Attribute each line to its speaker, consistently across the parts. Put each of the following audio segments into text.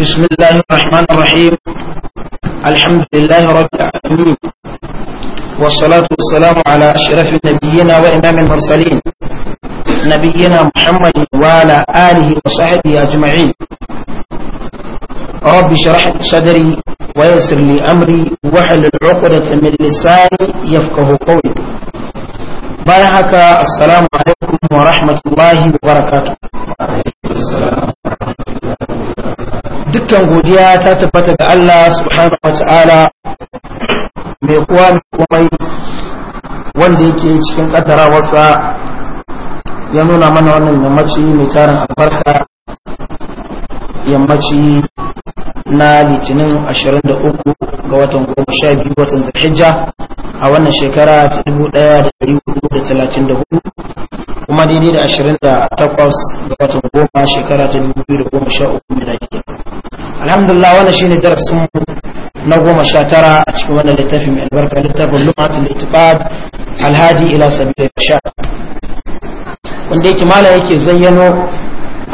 Speaker 1: بسم الله الرحمن الرحيم الحمد لله رب العالمين والصلاة والسلام على أشرف نبينا وإمام المرسلين نبينا محمد وعلى آله وصحبه أجمعين رب شرح لي صدري ويسر لي أمري وحل العقدة من لساني يفقه قولي بارك السلام عليكم ورحمة الله وبركاته dukkan godiya ta tabbata ga Allah subhanahu wa ta'ala, mai kuwa mai komai wanda yake cikin wasa, ya nuna mana wannan yammaci mai tarin albarka yammaci na litinin 23 ga watan 12 watan zulhijja a wannan shekara ta 1434 kuma daidai da ashirin da takwas ga watan goma shekara ta dubu biyu da goma sha uku mai lafiya alhamdulillah wannan shine darasin na goma sha tara a cikin wannan littafi mai albarka littafin lumatul itibad alhadi ila sabila sha wanda yake mala yake zayyano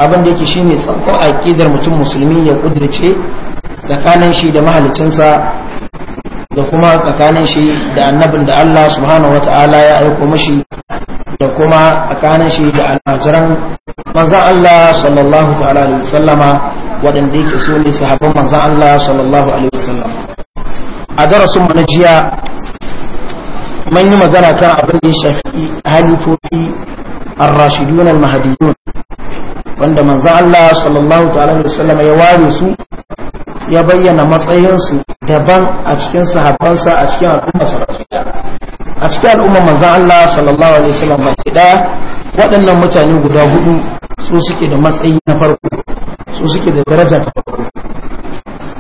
Speaker 1: abin da yake shine tsanko aqidar mutum musulmi ya kudirce tsakanin shi da mahalicinsa da kuma tsakanin shi da annabin da Allah subhanahu wata'ala ya aiko mashi da kuma tsakanin shi da almajiran manzan Allah sallallahu ta'ala alaihi wasallama waɗanda yake so ne sahabban manzan Allah sallallahu alaihi wasallam a darasin mu na jiya mun yi magana kan abin da ya shafi halifofi ar-rashidun al-mahdiyun wanda manzan Allah sallallahu ta'ala alaihi wasallama ya ware su ya bayyana matsayinsu daban a cikin sahabbansa a cikin al'ummar sarrafiya a cikin al'ummar manzan Allah sallallahu alaihi wasallam baki daya waɗannan mutane guda hudu su suke da matsayi na farko su suke da daraja ta farko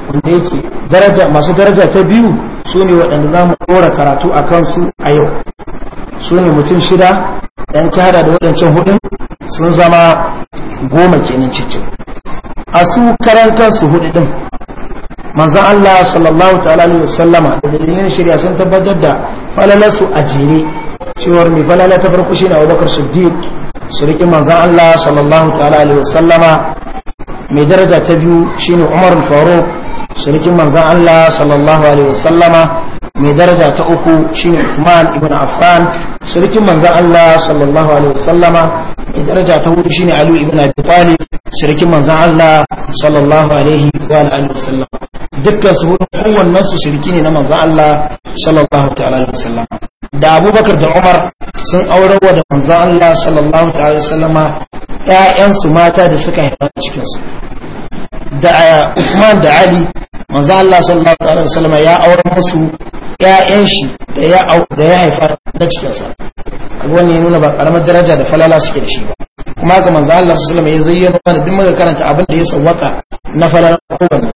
Speaker 1: wanda yake daraja masu daraja ta biyu su ne waɗanda za mu ɗora karatu a kansu a yau su ne mutum shida ɗan hada da waɗancan hudun sun zama goma kenan cikin a su karantar su hudu ɗin manzan Allah sallallahu ta'ala alaihi wasallama da dalilin shari'a sun tabbatar da falalarsu a jere cewar mai falala ta farko shine Abubakar Siddiq shirikin manzan Allah sallallahu ta'ala alaihi wasallama mai daraja ta biyu shine Umar Faruk shirikin manzan Allah sallallahu alaihi wasallama mai daraja ta uku shine Uthman ibn Affan shirikin manzan Allah sallallahu alaihi wasallama mai daraja ta hudu shine Ali ibn Abi Talib shirikin manzan Allah sallallahu alaihi wa alihi wasallama dukkan su hudu kowannen su shirki ne na manzon Allah sallallahu ta'ala alaihi wasallam da Abubakar da Umar sun aurar wa da manzon Allah sallallahu ta'ala alaihi wasallama ƴaƴan su mata da suka haifa cikin su da eh, Uthman da Ali manzon Allah sallallahu ta'ala alaihi wasallama ya aurar musu ƴaƴan shi da ya da ya haifa da cikin sa wannan ya nuna ba karamar daraja da falala suke da shi ba kuma ga manzon Allah sallallahu alaihi wasallama ya zayyana mana duk muka karanta abin da ya sawwaka na falala kowanne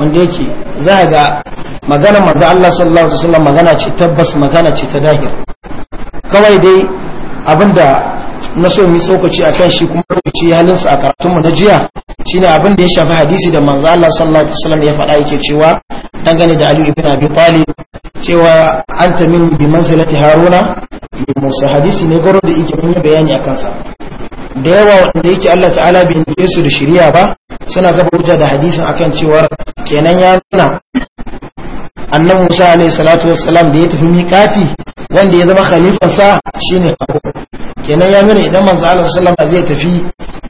Speaker 1: wanda yake za a ga magana maza Allah sallallahu alaihi wasallam magana ce tabbas magana ce ta dahir kawai dai abinda na so mu tsokaci akan shi kuma lokaci halin sa a karatun mu na jiya shine abin da ya shafi hadisi da manzo Allah sallallahu alaihi wasallam ya faɗa yake cewa dangane da Ali ibn Abi Talib cewa anta min bi manzilati Haruna bi Musa hadisi ne gwaro da yake mun bayani akan sa da yawa wanda yake Allah ta'ala bai yi su da shari'a ba suna kafa hujja da hadisin akan cewar kenan ya nuna annabi Musa alaihi salatu wassalam da ya tafi miƙati wanda ya zama khalifansa shine Harun kenan ya nuna idan manzo Allah sallallahu alaihi zai tafi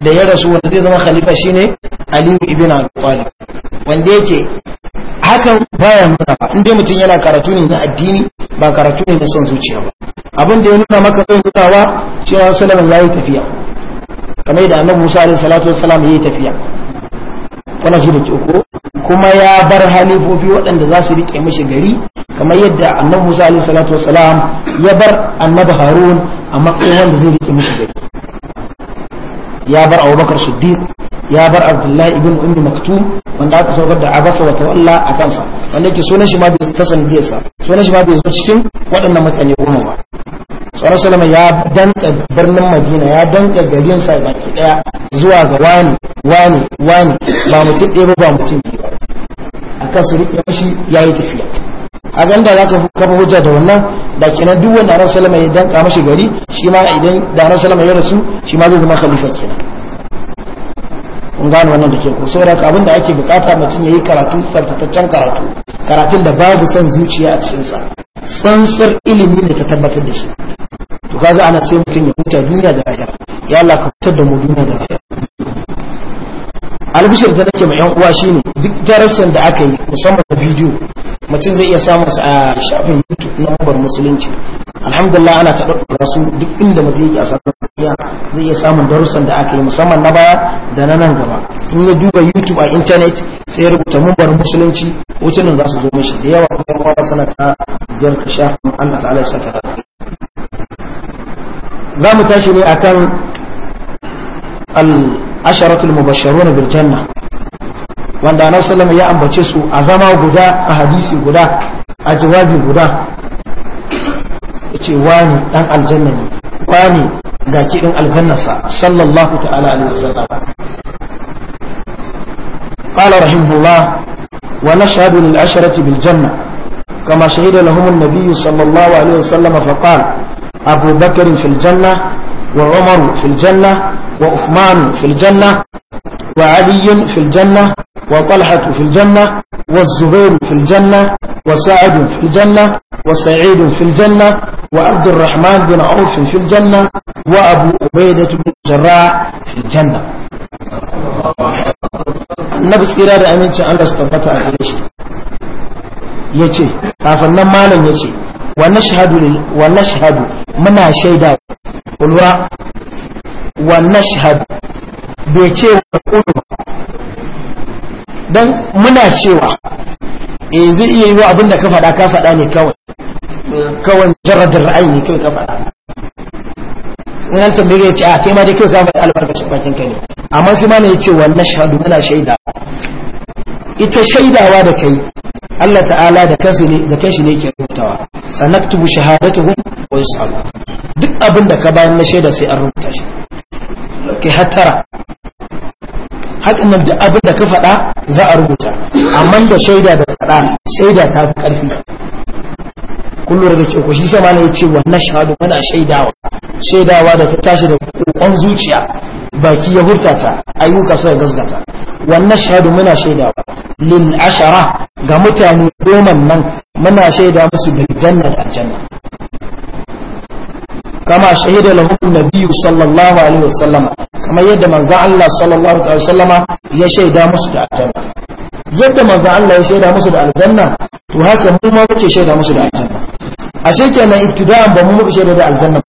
Speaker 1: da ya rasu wanda zai zama khalifa shine Ali ibn Abi Talib wanda yake hakan baya nuna ba inda mutum yana karatu ne na addini ba karatu ne na son zuciya ba abin da ya nuna maka zai nuna wa cewa sallallahu alaihi tafiya kamar da annabi Musa alaihi salatu wassalam ya yi tafiya Kuna shi da ke kuma ya bar halifofi waɗanda za su riƙe mashi gari kamar yadda annabi Musa alaihi salatu wasalam ya bar annabi Harun a matsayin wanda zai riƙe mashi gari ya bar Abubakar Siddiq ya bar Abdullahi ibn Ummi Maktum wanda aka saukar da Abasa wa Tawalla a kansa wanda yake sunan shi ma bai kasance sa sunan shi ma bai zo cikin waɗannan mutane goma ba tsoron salama ya danka birnin madina ya danka garinsa sa baki daya zuwa ga wani wani wani ba mutum ɗaya ba mutum biyu a kan su riƙe mashi ya yi tafiya a ganda za ka kafa hujja da wannan da kenan duk wanda ran salama ya danka mashi gari shi ma idan da ran salama ya rasu shi ma zai zama khalifa kenan kun gane wannan da ke ko saboda abin da ake bukata mutum ya yi karatu tsabtataccen karatu karatun da babu son zuciya a cikinsa sansar ilimin ne ta tabbatar da shi to ka za ana sai mutum ya huta duniya da lahira ya Allah ka fitar da mu duniya da lahira albishir da nake ma yan uwa shine duk darasin da aka yi musamman da bidiyo mutum zai iya samun a shafin youtube na ubar musulunci alhamdulillah ana ta ɗaukar su duk inda mutum yake a sarrafiya zai iya samun darussan da aka yi musamman na baya da na nan gaba in ya duba youtube a intanet sai ya rubuta bar musulunci hotunan za su zo mashi da yawa kuma yawa sana ta ziyarta shafin allah ta'ala da saka za mu tashi ne akan al-asharatul mubashsharuna na janna wanda annabi ya ambace su a zama guda a hadisi guda a jawabi guda ce wani dan aljanna ne wani ga kiɗin aljannarsa sallallahu ta'ala alaihi wasallam قال رحمه الله ونشهد للعشرة بالجنة كما شهد لهم النبي صلى الله عليه وسلم فقال أبو بكر في الجنة وعمر في الجنة وعثمان في الجنة وعلي في الجنة وطلحة في الجنة والزبير في الجنة وسعد في الجنة وسعيد في الجنة وعبد الرحمن بن عوف في الجنة وأبو عبيدة بن جراء في الجنة النبي سيرار أمين شاء الله استفتع عليه يتي كافر نمالا يتي ونشهد, ونشهد منا شيدا قلوا ونشهد bai ce wa kudu don muna cewa yanzu eh, zai iya yi wa abinda ka faɗa ka faɗa ne kawai kawai jaradar ra'ayi ne kawai ka faɗa in an tambaye ya ce a ah, kai ma dai kawai ka faɗa albarkacin bakin ka ne amma sai ma ne ya ce na shahadu muna shaida ita shaidawa da kai Allah ta'ala da kansu ne da kanshi ne ke rubutawa sanaktubu shahadatuhum wa yusalu duk abinda ka bayan na shaida sai an rubuta shi ke hatara hakan nan duk abin da ka faɗa za a rubuta amma da shaida da faɗa shaida ta fi ƙarfi kullum da ke ku shi sama ya ce wa shahadu muna shaidawa shaidawa da ta tashi da kokon zuciya baki ya hurta ta ayyuka suka gasgata wa shahadu muna shaidawa lil ashara ga mutane goma nan muna shaida musu bil janna da aljanna kama shahida lahum nabiyyu sallallahu alaihi wasallama kamar yadda manzo Allah sallallahu alaihi wasallama ya shaida musu da aljanna yadda manzo Allah ya shaida musu da aljanna to haka mu ma muke shaida musu da aljanna ashe kenan ibtida'an ba mu muke shaida da aljanna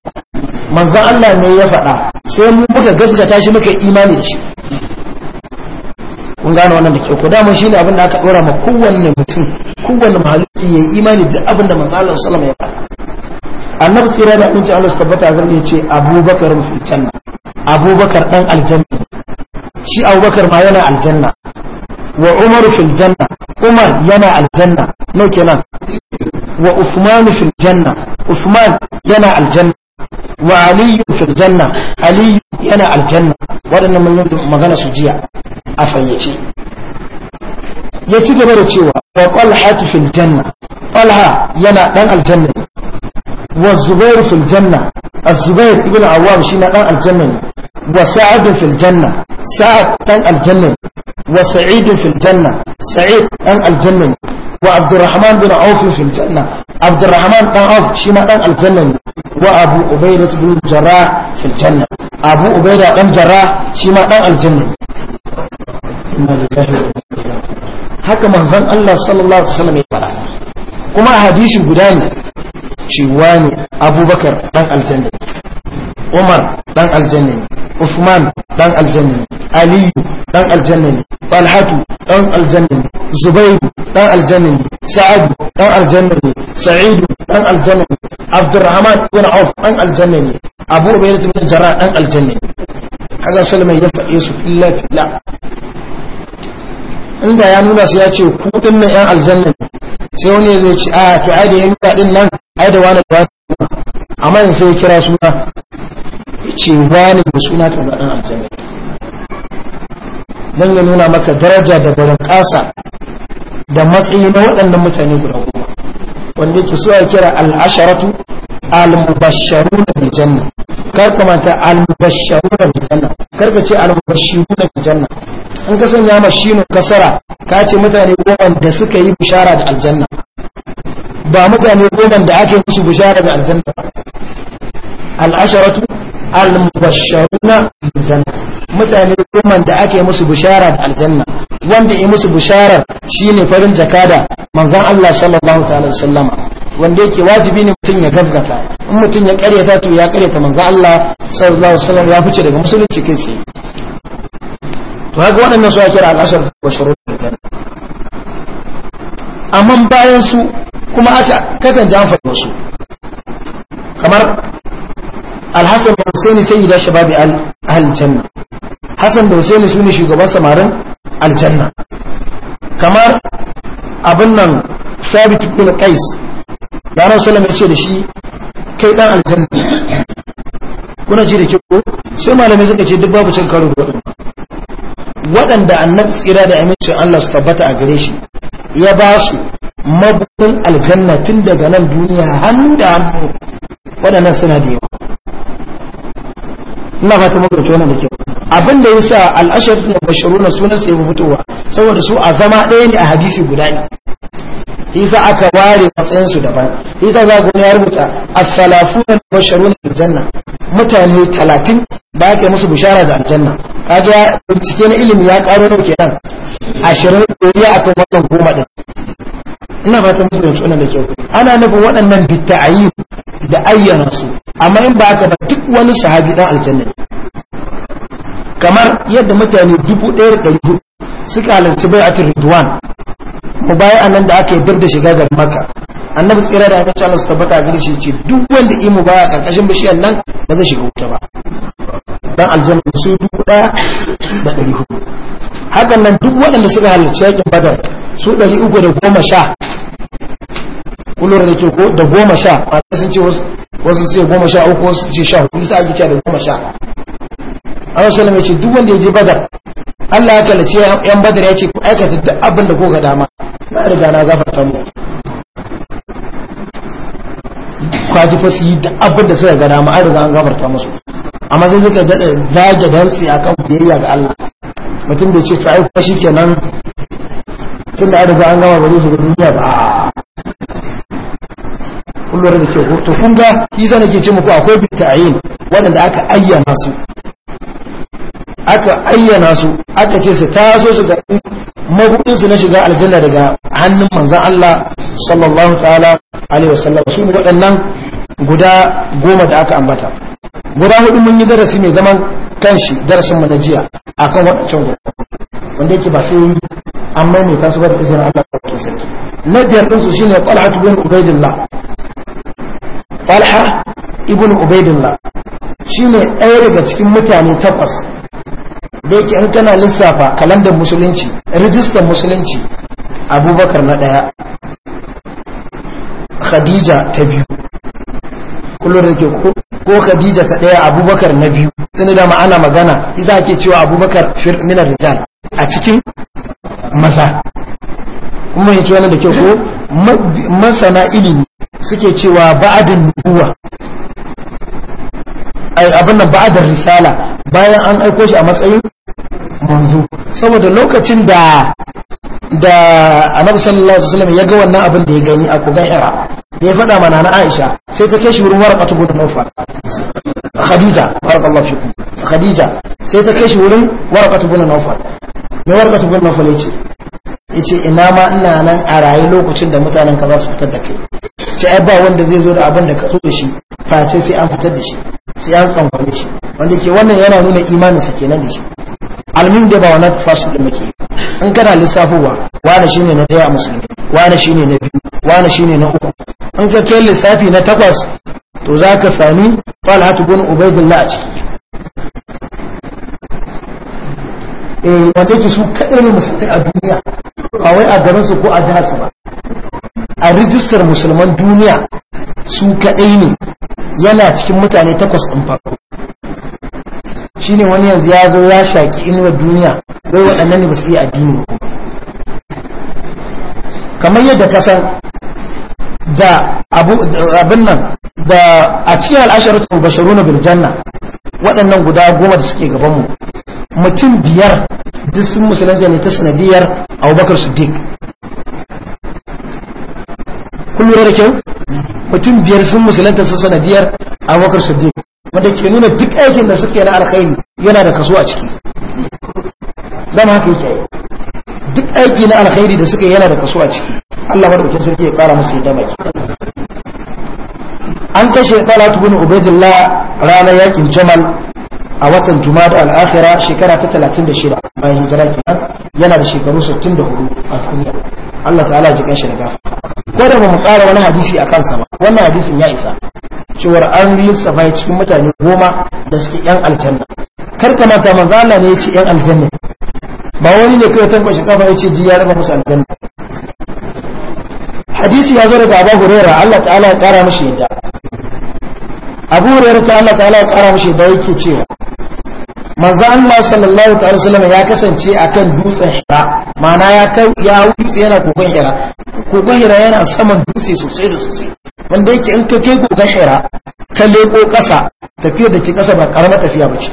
Speaker 1: manzo Allah ne ya faɗa sai mu muka gaskata shi muka imani da shi kun gane wannan da ke kyau ko dama shine abin da aka ɗora ma kowanne mutum kowanne mahaluki ya imani da abin da manzo Allah sallallahu alaihi ya faɗa annabi tsira da abinci Allah su tabbata a zarge ce abubakar mutuncan abubakar dan aljanna shi abubakar ma yana aljanna wa umaru fil janna umar yana aljanna no kenan wa usman fil janna usman yana aljanna wa ali fil janna ali yana aljanna waɗannan mun magana su jiya a fayyace ya ci gaba da cewa wa talha fil janna talha yana dan aljanna wa zubair fil janna az-zubair ibn awwam shi na dan aljanna ne wa sa'ad fil janna dan aljanna wa sa'id fil sa'id dan aljanna ne wa abdurrahman bin auf fil janna abdurrahman dan auf shi ma dan aljanna wa abu abu dan shi ma dan haka manzon Allah sallallahu alaihi wasallam ya fara kuma hadisi guda ne ce wani abubakar dan aljanna umar dan aljanna ne usman dan aljanna aliyu dan aljanna ne talhatu dan aljanna zubairu dan aljanna ne dan aljanna ne sa'idu dan aljanna ne abdurrahman ibn auf dan aljanna ne abu ubayda ibn jarrah dan aljanna ne kaga salman ya faɗe su illa inda ya nuna su ya ce ku din yan aljanna sai wani ya zo ci a to ai da yan nuna din nan ai da wani ba amma yanzu sai ya kira suna ce wani da suna ta dan aljanna dan ya nuna maka daraja da barin ƙasa da matsayi na waɗannan mutane guda goma wanda yake so ya kira al-asharatu al-mubashsharuna bil janna kar ka manta al-mubashsharuna bil janna kar ka ce al-mubashshiruna bil janna in ka sanya mashinu kasara ka ce mutane goma da suka yi bishara da aljanna ba mutane goman da ake musu bishara da aljanna al'asharatu al-mubashsharuna bil mutane goman da ake musu bishara da aljanna wanda ya musu bisharar shine farin jakada manzon Allah sallallahu ta'ala wasallam wanda yake wajibi ne mutum ya gaskata in mutum ya karyata to ya karyata manzon Allah sallallahu alaihi wasallam ya fice daga musulunci kai sai. to haka waɗannan su ya kira al'ashar bashirun amma bayan su kuma aka kakan da amfani wasu kamar alhassan da husaini sai da shababi ahalin janna hassan da husaini su ne shugaban samarin aljanna kamar abin nan sabit bin qais da ran sallama ya ce da shi kai dan aljanna kuna ji da ke ko, sai malamai suka ce duk babu cin karo da waɗanda annab annabi tsira da aminci Allah su tabbata a gare shi ya ba su mabukin aljanna tun daga nan duniya hannu da hannu waɗannan suna da yawa ina fata makarci wannan da kyau abin da yasa al'ashar na bashiru na sunan sai mu fitowa saboda su a zama ɗaya ne a hadisi guda ne isa aka ware matsayin su daban isa za ya rubuta as-salafuna bashiru na aljanna mutane talatin ba aka musu bishara da aljanna Ka kaga bincike na ilimi ya karo da kenan ashirin a akan wannan goma din ina fatan musu yanzu da kyau ana nufin waɗannan bitta'ayi da ayyana su amma in ba ka ba duk wani sahabi dan aljanna kamar yadda mutane dubu ɗaya da ɗari hudu suka halarci bai'atul ridwan mu baya nan da aka yi da shiga ga maka annabi tsira da aka Allah su tabbata gare shi ce duk wanda imu a karkashin bishiyar nan ba zai shiga wuta ba dan aljanna su duk da da ɗari hudu hakan nan duk waɗanda suka halarci yakin badar su ɗari uku da goma sha kullum da ke ko da goma sha kwanai sun ce wasu sai goma sha uku wasu ce sha hudu sa ake da goma sha an wasu ya ce duk wanda ya je badar Allah ya kalace yan badar ya ce ku aikata duk abin da ko ga dama na riga na gafarta mu kwaji fa su yi da abin da suka gana ma an riga an gafarta musu amma sai suka daɗa zage dantsi a kan biyayya ga Allah mutum bai ce to ai kuma shi kenan tun da an riga an gama bari su ga duniya ba a kullum da ke hoto kun ga yi zana ke ce muku akwai bita'in waɗanda aka ayyana su aka ayyana su aka ce su taso su ga mabudin su na shiga aljanna daga hannun manzan Allah sallallahu ta'ala alaihi wasallam su ne waɗannan guda goma da aka ambata guda hudu mun yi darasi mai zaman kanshi darasin mu na jiya akan waɗancan guda wanda yake ba sai amma mai tasu ba da izinin Allah ta sarki na biyar din su shine Talha ibn Ubaidillah Talha ibn Ubaidillah shine ɗaya daga cikin mutane takwas da yake in kana lissafa kalandar musulunci rijistar musulunci abubakar na ɗaya khadija ta biyu kullum da ke ko khadija ta ɗaya abubakar na biyu tsini da ma'ana magana isa ake cewa abubakar minar rijal a cikin maza kuma yanci wani da ke ko masana ilimi suke cewa ba'adin nubuwa abin nan ba'adar risala bayan an aiko shi a matsayin manzo saboda lokacin da da annabi sallallahu alaihi wasallam ya ga wannan abin da ya gani a kogan ira da ya faɗa mana na Aisha sai ta kai shi wurin warqatu bin Nawfal Khadija barakallahu fiku Khadija sai ta kai shi wurin warqatu bin Nawfal ya warqatu bin Nawfal yace yace ina ma ina nan a raye lokacin da mutanen ka za su fitar da kai sai ai ba wanda zai zo da abin da ka so da shi face sai an fitar da shi sai an tsamfare shi wanda ke wannan yana nuna imanin sa kenan da shi almin da ba wani fasu da muke in kana lissafowa wane shine na daya musulmi wane shine na biyu wane shine na uku in ka ce lissafi na takwas to za ka sami falhatu bin ubaidullah a ciki eh wanda ke su kadai ne musulmi a duniya ba wai a garin su ko a jihar su ba a rijistar musulman duniya su kadai ne yana cikin mutane takwas din farko shine wani yanzu ya zo ya shaki inuwar duniya wai waɗannan ne ba su yi addini kamar yadda ka san da abin nan da a cikin al'asharatu basharu na birjanna waɗannan guda goma da suke gabanmu mutum biyar duk sun musulunta ne ta sanadiyar abubakar siddiq kun lura da kyau mutum biyar sun musulunta ta sanadiyar abubakar siddiq wanda ke nuna duk aikin da suka yi na alkhairi yana da kaso a ciki dama haka yake duk aiki na alkhairi da suka yi yana da kaso a ciki Allah madaukakin sarki ya kara musu yadda maki an kashe Talatu bin Ubaidillah ranar yakin Jamal a watan Jumada al-Akhira shekara ta 36 bayan hijira kenan yana da shekaru 64 a duniya Allah ta'ala ya jikan shi da gafara ko da mu ƙara wani hadisi a kansa ba wannan hadisin ya isa cewa an lissafa ya cikin mutane goma da suke yan aljanna kar ka mata manzo Allah ne ya yan aljanna ba wani ne kai tanko shi kafa ya ce ji ya raba musu aljanna hadisi ya zara da Abu Hurairah Allah ta'ala ya kara mishi yadda Abu Hurairah ta Allah ta'ala ya kara mishi da yake cewa manzo Allah sallallahu ta'ala sallama ya kasance akan dutsen Hira ma'ana ya ya wuce yana kogon Hira kogon Hira yana saman dutse sosai da sosai wanda yake in ka kai kogon Hira ka leko kasa tafiyar da ke kasa ba karamar tafiya ba ce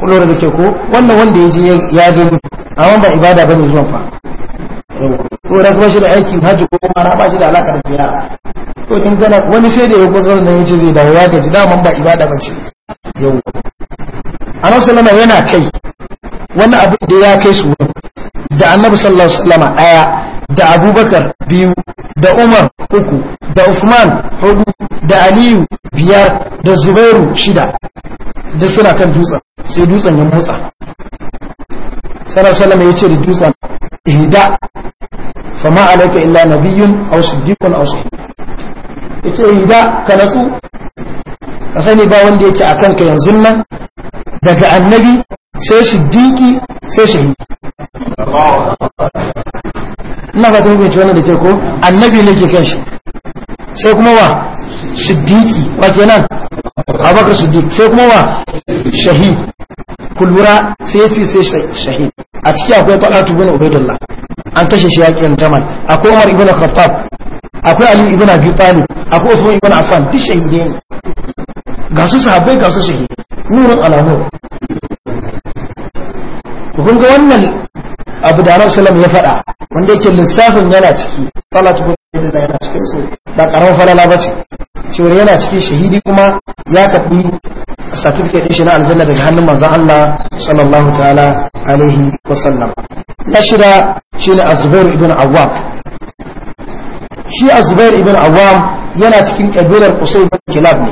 Speaker 1: kullum da ke ko wannan wanda ya je ya gani amma ba ibada bane zuwa fa ko da kuma shi da aiki hajji ko kuma ba shi da alaka da ziyara ko kin gana wani sai da ya gozar da ce zai dawo ya gaji daman ba ibada ce. yau annabi yana kai wani abu da ya kai su da annabi sallallahu alaihi wasallama daya da abubakar biyu da umar uku da usman hudu da aliyu biyar da zubairu shida da suna kan dutsen sai dutsen ya motsa sallallahu ya ce da dutsen ihda fama alaika illa nabiyyun aw siddiqun aw sahih yace ihda ka natsu, ka sani ba wanda yake a kanka yanzu nan daga annabi sai siddiqi sai shahidi ina ba ta hukunci wannan da ke ko annabi ne ke kan shi sai kuma wa siddiqi wa kenan abakar siddiq sai kuma wa shahid kulura sai ce sai shahid a ciki akwai talatu bin ubaidullah an kashe shi yakin jamal akwai umar ibn khattab akwai ali ibn abi talib akwai usman ibn affan duk shahidai ne ga su sahabbai ga su shahidai nurin alamu kun ga wannan abu da Rasulullah ya faɗa wanda yake lissafin yana ciki salatu ko da yana cikin su ba karamin falala bace cewa yana cikin shahidi kuma ya kafi certificate din shi na aljanna daga hannun manzon Allah sallallahu ta'ala alaihi wa sallam na shida shine Azubair ibn Awwam shi azbur ibn Awwam yana cikin kabilar Qusay bin Kilab ne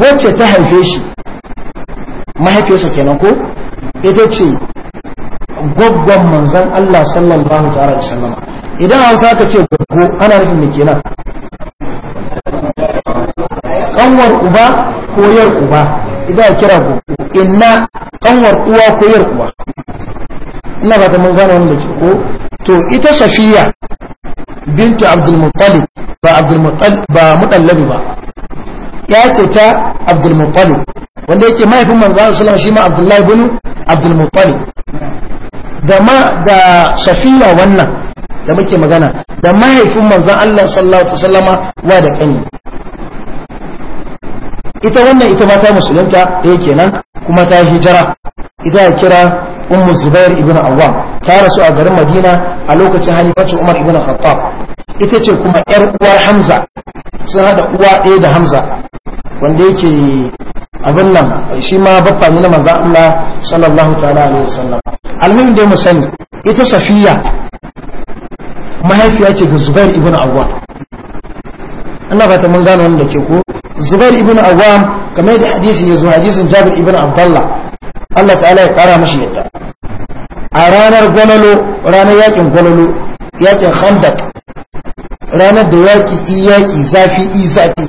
Speaker 1: wacce ta haife shi mahaifiyarsa kenan ko ita ce gwaggon manzan Allah sallallahu ta'ala da sallama idan sa aka ce gwaggo ana nufin da kenan kanwar uba ko uba idan kira gwaggo inna kanwar uwa ko uba ina ba ta mun gane wanda ke ko to ita safiya bintu abdulmuttalib ba abdulmuttalib ba mutallabi ba ya ce ta abdulmuttalib wanda yake mahaifin manzan sallam shi ma abdullahi bin abdulmuttalib da ma da safiya wannan da muke magana da mahaifin manzan allah sallallahu alaihi wasallama wa da kani ita wannan ita mata musulunta ɗaya eh, kenan kuma ta hijira ita ya kira ummu zubair ibn awwam ta rasu a garin madina a lokacin halifacin umar ibn khattab ita ce kuma yar uwar hamza sun hada uwa ɗaya da hamza wanda yake abin nan shi ma baffa ne na manzan Allah sallallahu ta'ala alaihi wasallam almin da mu sani ita safiya mahaifiya ce ga zubair ibn Awwa. Allah ba ta mun gano wanda ke ko zubair ibn Awwa kamar da hadisi ya zo hadisin jabir ibn abdullah Allah ta'ala ya kara mashi yadda a ranar gwalalo ranar yakin gwalalo yakin khandak ranar da yaki i yaki zafi i zafi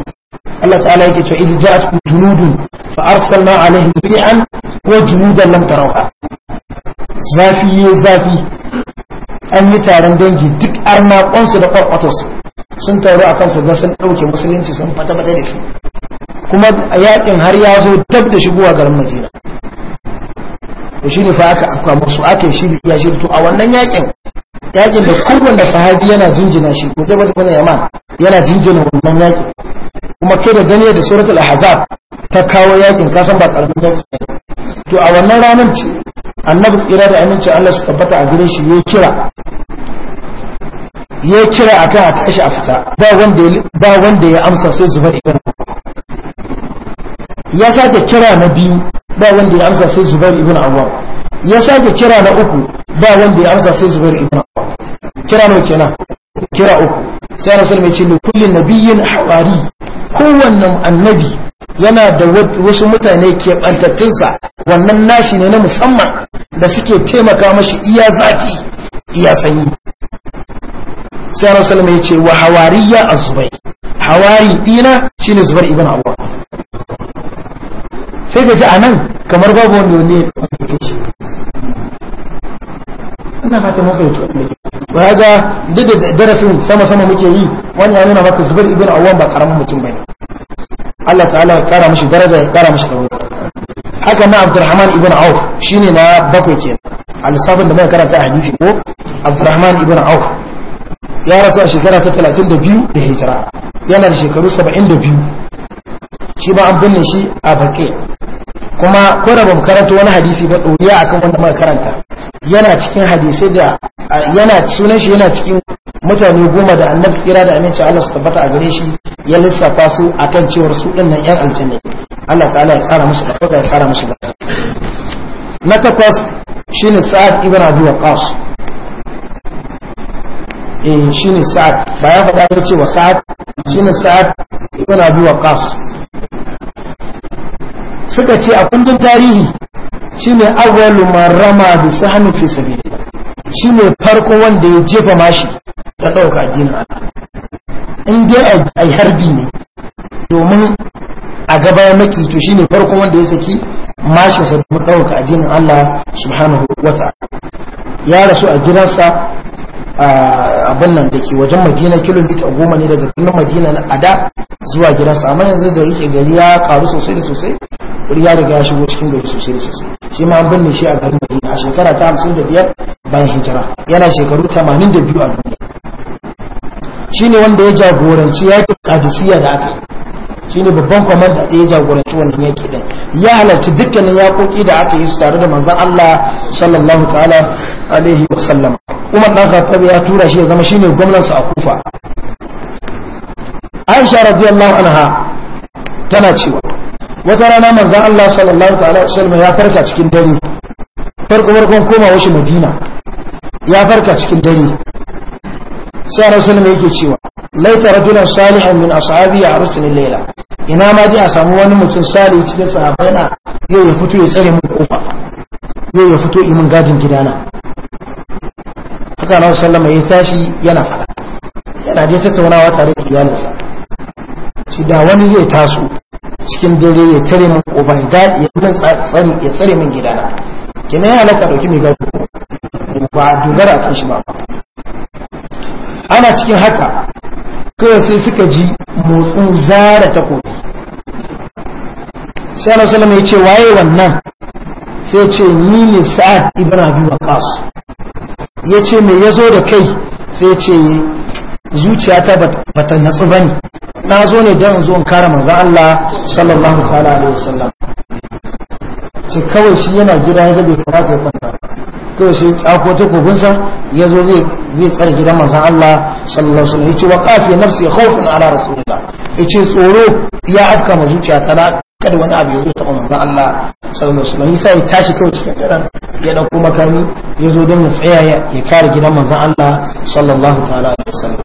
Speaker 1: Allah ta'ala yake cewa idh ja'atkum junudun fa arsalna alaihim ri'an wa junudan lam tarawha zafi ya zafi an yi taron dangi duk arnaƙonsu da ƙwarƙwatarsu sun taru a kansa ga sun ɗauke musulunci sun fata-fata da shi kuma yakin har ya zo dab da shigowa garin madina to shi fa aka akwa musu aka yi shiri iya to a wannan yakin yakin da kowanne sahabi yana jinjina shi ko zai bada yaman yana jinjina wannan yakin kuma kai da gani da suratul ahzab ta kawo yakin kasan ba karfin zaki to a wannan ranar ce annabi tsira da aminci Allah su tabbata a gidan shi ya kira ya kira akan a tashi a fita ba wanda ba wanda ya amsa sai zubar ibn ya sake kira na biyu ba wanda ya amsa sai zubar ibn awwam ya sake kira na uku ba wanda ya amsa sai zubar ibn awwam kira ne kenan kira uku sai rasul mai ce ne kullun nabiyyin hawari kowanne annabi yana da wasu mutane keɓantattunsa wannan nashi ne na musamman da suke taimaka mashi iya zafi iya sanyi sai ana salama ya ce wa hawari a zubai hawari ɗina shi ne zubar ibn abuwa sai ka ji a nan kamar babu wanda ne ina fata mafi wato wanda ke to kaga duk da darasin sama sama muke yi wani ya nuna maka zubar ibn awwam ba karamin mutum bane Allah ta'ala ya kara mashi daraja ya kara mashi daraja haka na Abdurrahman ibn Auf shine na bakwai kenan al-sabin da muka karanta a hadisi ko Abdurrahman ibn Auf ya rasu a shekara ta 32 da hijira yana da shekaru 72 shi ba an binne shi a bakai kuma ko da bamu karanta wani hadisi ba doriya akan wanda muka karanta yana cikin hadisai da yana sunan shi yana cikin mutane goma da annabi tsira da aminci Allah su tabbata a gare shi ya lissafa su akan cewar su dinnan nan yan aljanna Allah ta'ala ya kara musu ɗaukaka ya kara musu ɗaukaka na takwas shine sa'ad ibn abi waqas eh shine sa'ad ba ya faɗa ya ce wa sa'ad shine sa'ad ibn abi waqas suka ce a kundin tarihi shine awwalu man rama bi sahmi fi shi shine farko wanda ya jefa mashi da dauka addinin Allah in dai ai harbi ne domin a gaba maki to shine farko wanda ya saki mashi sa domin dauka addinin Allah subhanahu wata'ala ya rasu a gidansa abin nan da ke wajen madina kilomita goma ne daga birnin madina na ada zuwa gidansa amma yanzu da yake gari ya karu sosai da sosai wuri ya riga ya shigo cikin gari sosai da sosai shi ma an binne shi a garin Madina a shekara ta hamsin da biyar bayan hijira yana shekaru tamanin da biyu a duniya ne wanda ya jagoranci ya fi kadisiya da aka ne babban kwamar da ya jagoranci wannan yaki dan ya halarci dukkanin yakoki da aka yi su tare da manzan Allah sallallahu ta'ala alaihi wa sallam Umar ɗan Khattab ya tura shi ya zama shine gwamnan sa a Kufa Aisha radiyallahu anha tana cewa wata rana manzan Allah sallallahu ta'ala wasallam ya farka cikin dare farko farkon koma wasu madina ya farka cikin dare sai Allah sallallahu yake cewa laita rajulan salihun min ashabi ya arsalin laila ina ma dai a samu wani mutum salihu cikin sahabbai na yau ya fito ya tsare min kofa yau ya fito imin gadin gidana haka na sallama ya tashi yana fada yana je tattaunawa tare da iyalinsa shi da wani zai taso cikin dare ya tare min ƙobar daɗi ya tsari ya tsare min gidana kina ya halatta dauki mai gado ba dogara a shi ba ana cikin haka kawai sai suka ji motsin zara takobi sai ana salama ya ce waye wannan sai ce ni ne sa'ad ibn abi waqas ya ce me ya da kai sai ce zuciyata ba ta natsu bane na zo ne don zo in kare manzo Allah sallallahu ta'ala alaihi wasallam ce kawai shi yana gida ya zabe kuma ya kwanta kawai shi kako ta sa ya zo zai tsare gidan manzo Allah sallallahu alaihi wasallam ce wa qafi nafsi khawfun ala rasulillah ce tsoro ya afka ma zuciya ta kada wani abu ya zo taɓa manzo Allah sallallahu alaihi wasallam sai ya tashi kawai cikin gidan ya dauko makami ya zo don ya tsaya ya kare gidan manzo Allah sallallahu ta'ala alaihi wasallam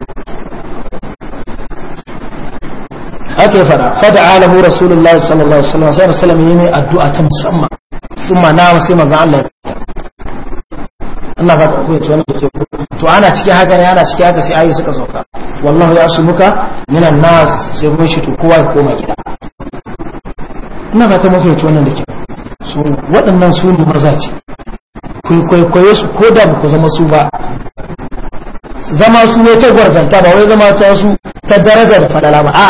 Speaker 1: haka ya fada fada alahu rasulullahi sallallahu alaihi wasallam sai rasulullah yayi mai addu'a ta musamman kuma na sai manzo Allah Allah ba ta koyi to wannan ke to ana cikin haka ne ana cikin haka sai ayi suka sauka wallahu ya asumuka yana nas sai mun shi to kowa ya koma gida ina ba ta mafi to wannan da ke so waɗannan su ne mazaje kwaikwaye su ko da ku zama su ba zama su ne ta gwarzanta ba wai zama ta su ta darajar falala ba a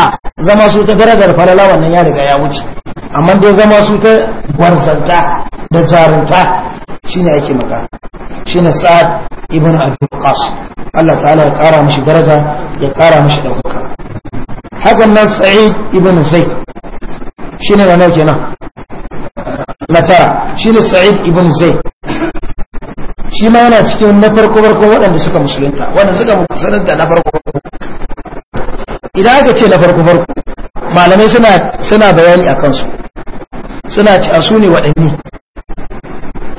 Speaker 1: zama su ta darajar falala wannan ya riga ya wuce amma dai zama su ta gwarzanta da jarunta shine yake maka shine sa'ad ibn abi qas Allah ta'ala ya kara mishi daraja ya kara mishi dauka hakan nan sa'id ibn zaid shine da yake nan na tara shine sa'id ibn zaid shi ma yana cikin na farko farko waɗanda suka musulunta wanda suka musulunta na farko idan aka ce na farko farko malamai suna bayani a kansu suna ci a su ne waɗanne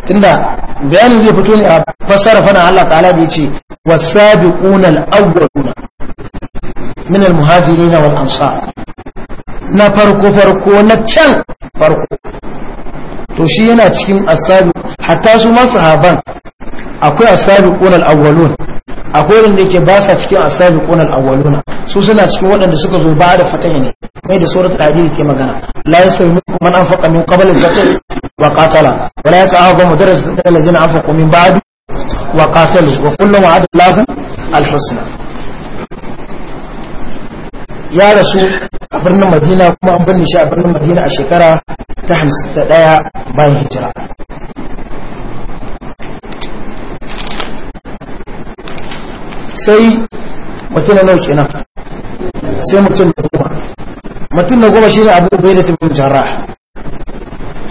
Speaker 1: tunda bayanin zai fito ne a fassara fana Allah ta'ala da ya ce wasabiquna al-awwaluna min al-muhajirin wal ansar na farko farko na can farko to shi yana cikin asabi hatta su masahaban akwai asabi al-awwalun akwai wanda yake ba sa cikin asabiqun al-awwaluna su suna cikin waɗanda suka zo ba da fatahi ne mai da surat al-hadid ke magana la yasawi minkum man anfaqa min qabl al-fatih wa qatala wa la yaqa'u mudarrajatun alladhina anfaqu min ba'd wa qatalu wa kullu wa'ada Allah al-husna ya rasu a birnin Madina kuma an binne shi a birnin Madina a shekara ta 51 bayan hijira sai mutum na nauki nan sai mutum na goma mutum na goma ne abu bai da tabbin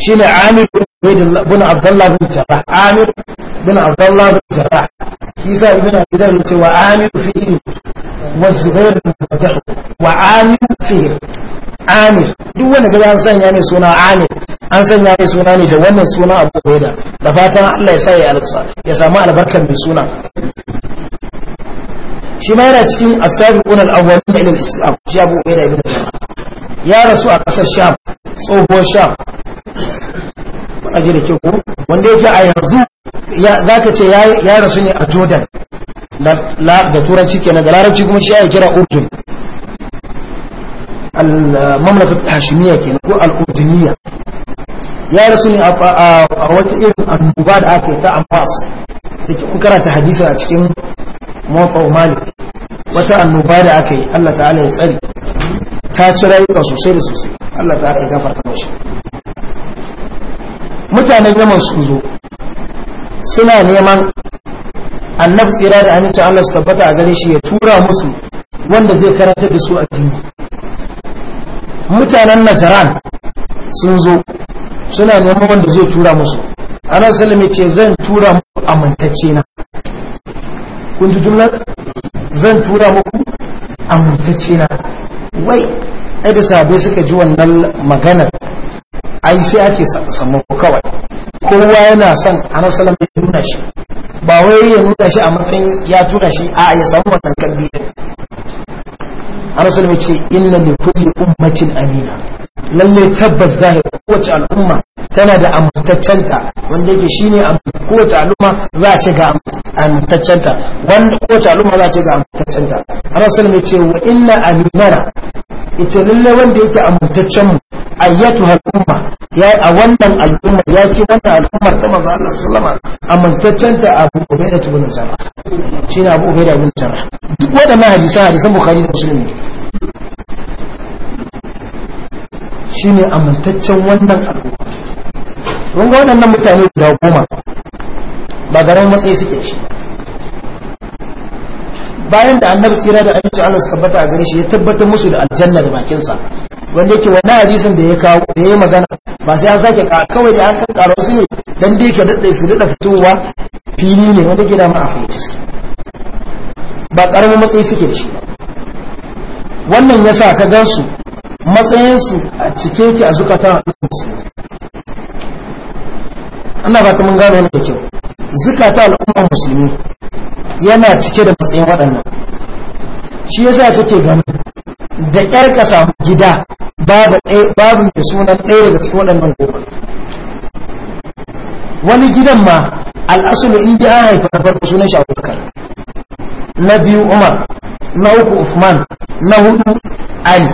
Speaker 1: shi ne amir bin abdallah bin jara amir bin abdallah bin jara shi sa ibn abidan ya ce wa amir fi'il wa zubair bin fatah wa amir fi amir duk wanda ga an sanya mai suna amir an sanya mai suna ne da wannan suna abu bai da da fatan Allah ya sa ya samu albarkar mai suna shi ma yana cikin asabiqun al-awwalin ila al-islam shi abu ubaida ibn ya rasu a kasar sham tsohon sham a ji da ke ko wanda yake a yanzu za ka ce ya rasu ne a jordan da turanci kenan da larabci kuma shi ya kira urdun al mamlaka hashimiyya kenan ko al urdiniya ya rasu ne a wata irin annoba da aka yi ta Ambas. da ke kun karanta hadisa a cikin mawaka malik wata annoba da aka yi Allah ta'ala ya tsari ta ci rayuka sosai da sosai Allah ta'ala ya gafarta mashi mutanen yaman su zo suna neman annabi tsira da amincin Allah su tabbata a gare shi ya tura musu wanda zai karanta da su a jini. mutanen najaran sun zo suna neman wanda zai tura musu ana salami ce zan tura mu amintacce na kun ji jumlar zan tura muku amintacce na wai ai da sabai suka ji wannan maganar ai sai ake samu kawai kowa yana son annabi ya nuna shi ba wai ya nuna shi a matsayin ya tura shi a ya samu wannan kalbi annabi sallallahu ya ce inna li kulli ummatin amina lalle tabbas zahir kowace al'umma tana da amintaccenta wanda yake shine kowace al'umma za a ce ga amintaccenta wannan kowace al'umma za ce ga amintaccenta ana sanar mai ce wa inna aminara ita lalle wanda yake amintaccen mu ayyatu al'umma ya a wannan al'umma ya ce wannan al'ummar ta manzo Allah sallama amintaccenta Abu Ubaida ibn shi na Abu Ubaida ibn Jarrah duk wadannan hadisan hadisan Bukhari da Shi ne amintaccen wannan al'umma kun ga waɗannan mutane guda goma ba garin matsayi suke shi bayan da annabi tsira da aminci Allah suka tabbata a gare shi ya tabbatar musu da aljanna da bakin sa, wanda yake wani hadisin da ya kawo da ya magana ba sai an sake kawai da an karo su ne dan dai ka daɗe su da fitowa fili ne wanda ke da ma'afi suke ba ƙaramin matsayi suke da shi wannan ya sa ka gan su matsayinsu a cikin ki a zukatan al'umma ana ba ta mun gano wani da kyau zukata al'ummar musulmi yana cike da matsayin waɗannan shi yasa kake gani da ƴar ka samu gida babu babu da sunan ɗaya daga cikin waɗannan goma wani gidan ma al'asulu in ji an haifa na farko sunan shi abubakar na biyu umar na uku usman na hudu ali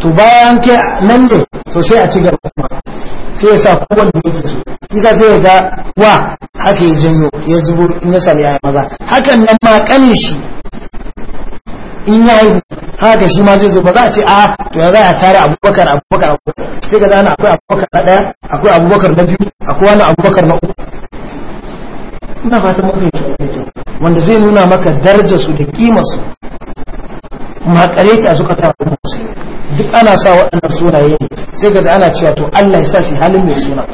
Speaker 1: to bayan kai nan ne to sai a ci gaba kuma sai ya sa kowanne yake so isa sai ya ga wa haka ya janyo ya zubo in ya sami yaya maza hakan nan ma kanin shi in ya haihu haka shi ma zai zo ba za a ce a to ya za a tare abubakar abubakar abubakar sai ga zana akwai abubakar na ɗaya akwai abubakar na biyu akwai wani abubakar na uku ina fatan mafi kyau wanda zai nuna maka darajar su da kimar su makare ta a ta musu ana sa waɗannan sunaye ne sai ka ana cewa to Allah ya sa shi halin mai suna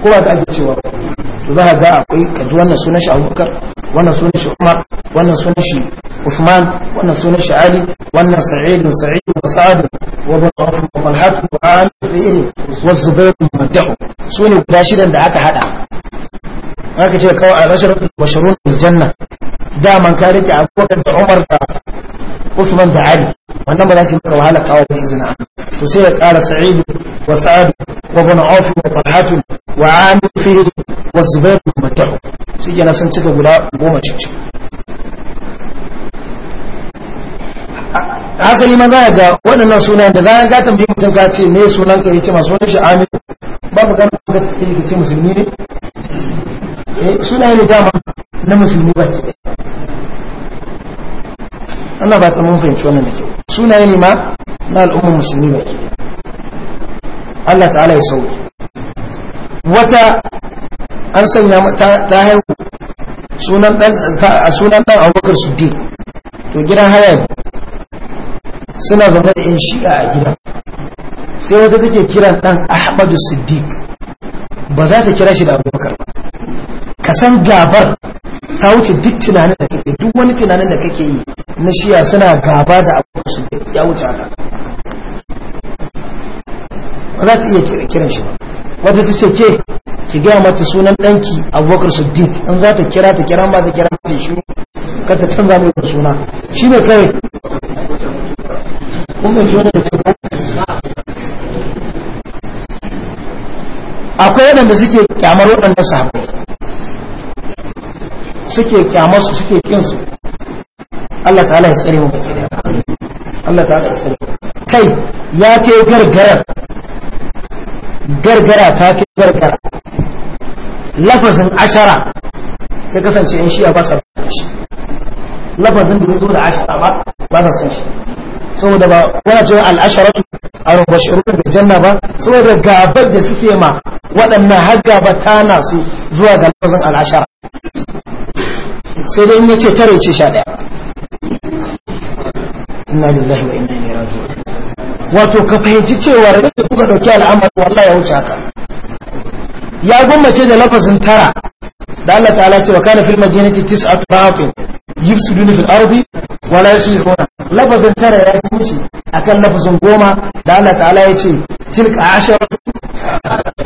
Speaker 1: kuma ba ka ake cewa to za ka ga akwai kaji wannan sunan shi Abubakar wannan sunan shi Umar wannan sunan shi Uthman wannan sunan shi Ali wannan Sa'id bin Sa'id wa Sa'ad wa bin Auf wa Talhat wa Ali wa Iri wa Zubair bin Madahu sune guda shidan da aka hada aka ce kawai a asharatu basharun bil janna da ka rike Abubakar da Umar da Usman da Ali wannan ba za su yi maka wahala kawo da izinin Allah to sai ya ƙara sa'idu wa sa'adu wa bin auf wa talhatu wa amir fihi wa zubair bin mat'u shi kenan sun cika guda goma cikin asali ma za ga waɗannan sunayen da zaran ka tambayi mutum ka ce me sunan ka yace masu wani sha'ami babu kan ka tafi ka ce musulmi ne sunaye ne dama na musulmi ba ke Allah ba tsamun fahimci wannan da kyau sunaye ne ma na al'ummar musulmi baki Allah ta'ala ya sauki wata an sanya ta haihu a sunan ɗan abokar abubakar siddiq to gidan haya suna zama da 'yan shi'a a gidan sai wata take kiran ɗan ahmadu siddiq ba za ta kira shi da abubakar ba ka san gabar ta wuce duk tunanin da kake duk wani tunanin da kake yi na Shi'a suna gaba da shi ya wuce haka ba za iya kiran shi ba wata ta ce ke ki gaya mata sunan ɗanki abubakar siddiq in za ta kira ta kira ba ta kira ta shi ka ta canza mai suna shi ne kawai kuma shi wani da akwai waɗanda suke kyamar waɗanda sahabbai suke kyamar su suke kinsu Allah ta'ala ya tsare mu Allah ta haka sarki kai ya ce gargara gargara ta ke gargara lafazin ashara sai kasance in shi a ba sa shi lafazin da ya zo da ashara ba ba sa san shi saboda ba wani cewa al'asharatu a rubashiru da janna ba saboda gabar da suke ma waɗannan har ba ta nasu zuwa ga lafazin al'ashara sai dai in ya ce tare ce sha ɗaya inna lillahi wa inna ilaihi raji'un wato ka fahimci cewa da kuka dauki al'amari wallahi ya wuce haka ya gummace da lafazin tara da Allah ta'ala ce wa kana fil majnati tis'atu baqin yufsiduna fil ardi wa la yuslihuna lafazin tara ya wuce akan lafazin goma da Allah ta'ala ya ce tilka ashar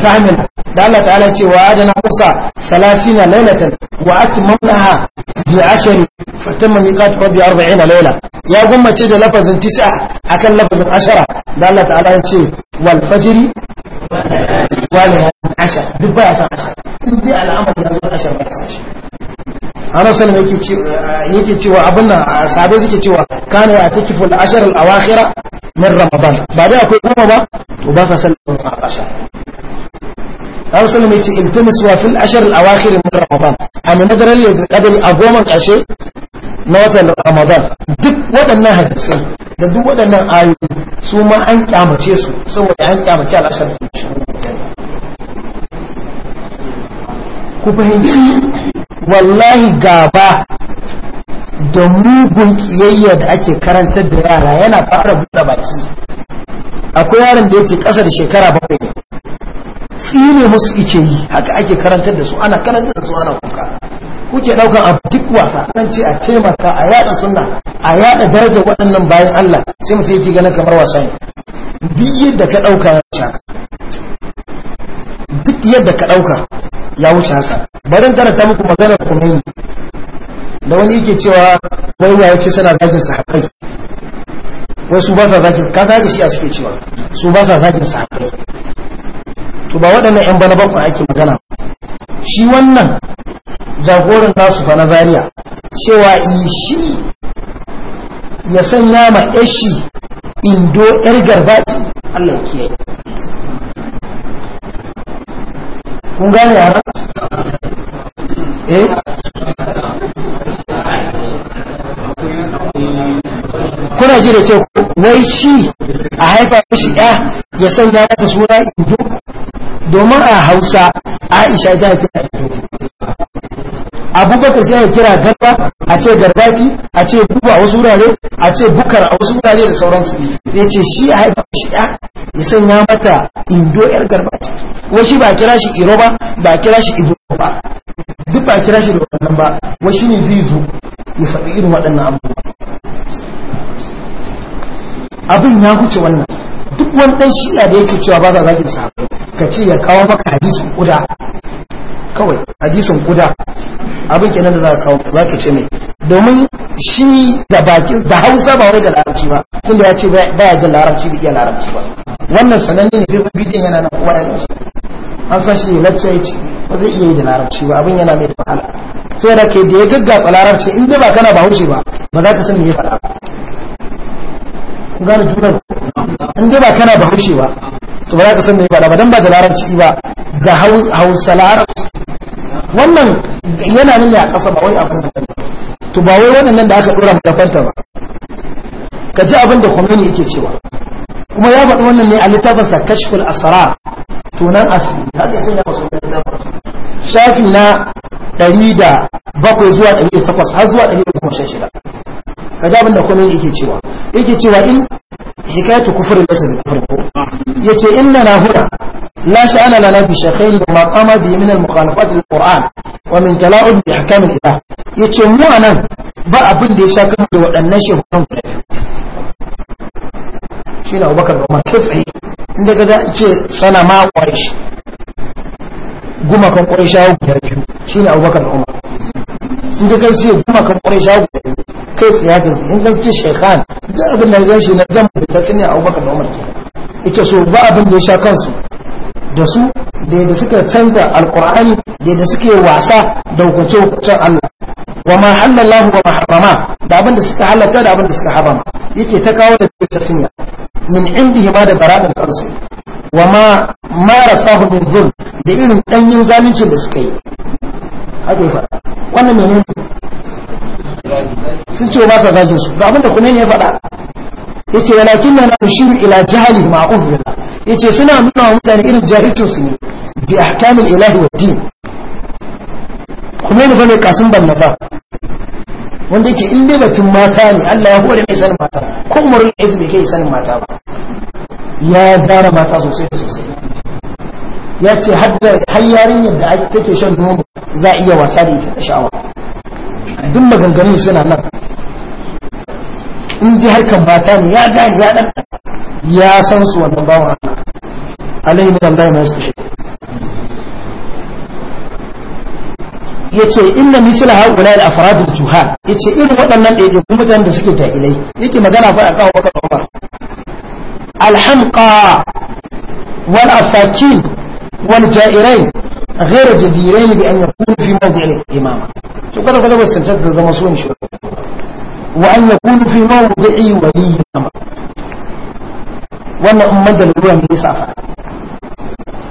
Speaker 1: fahimin da Allah ta'ala ce wa adana musa 30 laylatan wa atmamnaha bi ashari فتم ميقات ربي أربعين ليلة يا قمة تجد لفظ تسعة أكل لفظ عشرة قال الله تعالى يتشي والفجر والعشر عشر العمل أنا سلم يكي تشيوا أبنى سعبي زكي تشيوا كان يعتكف العشر الأواخرة من رمضان بعدها أقول رمضان وبس سلم عشر أنا سلم يتشي التمسوا في العشر الأواخر من رمضان أنا مدرا لي قدري أشي na watan ramadan duk waɗannan hadisai da duk waɗannan ayoyi su ma an kyamace su saboda an kyamace al'ashar da ku fahimci wallahi gaba da mugun kiyayya da ake karantar da yara yana fara buɗe baki akwai yaron da yake ƙasa da shekara bakwai ne tsire musu ike yi haka ake karantar da su ana karantar da su ana kuka kuke daukan abu duk wasa nan ce a taimaka a yada sunna a yada daraja waɗannan bayan Allah sai mutum yake ganin kamar wasa ne duk yadda ka dauka ya wuce haka duk yadda ka dauka ya wuce haka bari in karanta muku maganar Khomeini da wani yake cewa wai wa ce sana zakin sahabbai su ba sa zakin. ka zaki shi a suke cewa su ba sa zagin sahabbai to ba waɗannan yan bana ku ake magana shi wannan jagoran nasu fa na zariya cewa shi ya sanya ma yashi indo yar garbati Allah kiyaye kun gane eh kuna ji da ce wai shi a haifa shi ya ya sanya mata suna indo domin a hausa aisha ta kira abubakar sai ya kira garba a ce garbaki a ce buba a wasu wurare a ce bukar a wasu wurare da sauransu ya ce shi a haifar shi ya ya sanya mata indo yar garba Wasu ba kira shi iro ba ba kira shi ibo ba duk ba kira shi da waɗannan ba wasu ne zai zo ya faɗi irin waɗannan abubuwa abin ya huce wannan duk wani ɗan shi'a da yake cewa ba za zagin sahabbai ka ce ya kawo maka hadisin guda kawai hadisin guda abin kenan da za ka kawo za ka ce mai domin shi da bakin da hausa ba wai da larabci ba tunda ya ce ba ya jin larabci da iya larabci ba wannan sananne ne bai bidiyon yana nan kowa ya gaji. an san shi lacce ya ce ba zai iya yi da larabci ba abin yana mai wahala sai da kai da ya gaggatsa larabci in dai ba kana ba haushe ba ba za ka san me ya faɗa ba gane juna in dai ba kana ba haushe ba to ba za ka san me faɗa ba dan ba da larabci ba ga hausa larabci wannan yana nan ne a ƙasa ba wai abin da to ba wai waɗannan da aka ɗora madafanta ba ka ji abin da Khomeini yake cewa kuma ya faɗi wannan ne a littafin sa kashful asrar tunan asiri haka sai ya faso shafi na ɗari da bakwai zuwa ɗari da takwas har zuwa ɗari da shida. ka ji abin da Khomeini yake cewa yake cewa in hikayatu kufurin laysa bi kufurin ko yace inna na huda la sha'ana lana fi shaqayn ma qama bi min al mukhalafat al qur'an wa min tala'ud bi ahkam al ilah yace mu anan ba abin da ya sha kan da waɗannan shehunan guda shi na abubakar da umar kai inda ga ce sana ma guma kan gumakan quraishawa guda biyu shi na abubakar da umar sun ga gaishe goma kan kwarai shago da yi kai tsaya ga in gaske shekhan da abin da shi na gama da ta ne a abubakar da umar ita so ba abin da ya sha kansu da su da yadda suka canza alkur'ani da yadda suke wasa da hukunce hukuncen allah wa ma halallahu wa ma da abin da suka halatta da abin da suka harama yake ta kawo da tattalin min indihi ma da baradin kansu wa ma marasahu min da irin danyin zaluncin da suka yi haka yi faɗa wannan mene sun ce ba sa zagin su ga abinda kuma ne faɗa ya ce walakin na nushiru ila jahali ma'uf billah ya ce suna nuna wa mutane irin jahilcin su ne bi ahkamil ilahi wa din kuma ne fa mai kasin ballafa wanda yake in dai batun mata ne Allah ya hore mai sanin mata ko umarul aiz bai kai sanin mata ba ya zara mata sosai sosai ya ce har yarinyar da take shan nono za a iya wasa da ita sha'awa duk maganganun suna nan in dai harkan bata ne ya gani ya dan ya san su wannan bawon Allah alaihi min Allah ma yastahi yace inna misla haula al afrad al juhal yace irin waɗannan da yake mutanen da suke jahilai yake magana fa akan waka Umar al hamqa wal afakin wal jairain غير جديرين بأن يكونوا في موضع الإمامة وكذا كذا بس انتهت زمان سوين شو وأن يكونوا في موضع ولي الأمر وأن أمد الأولى من إسعفة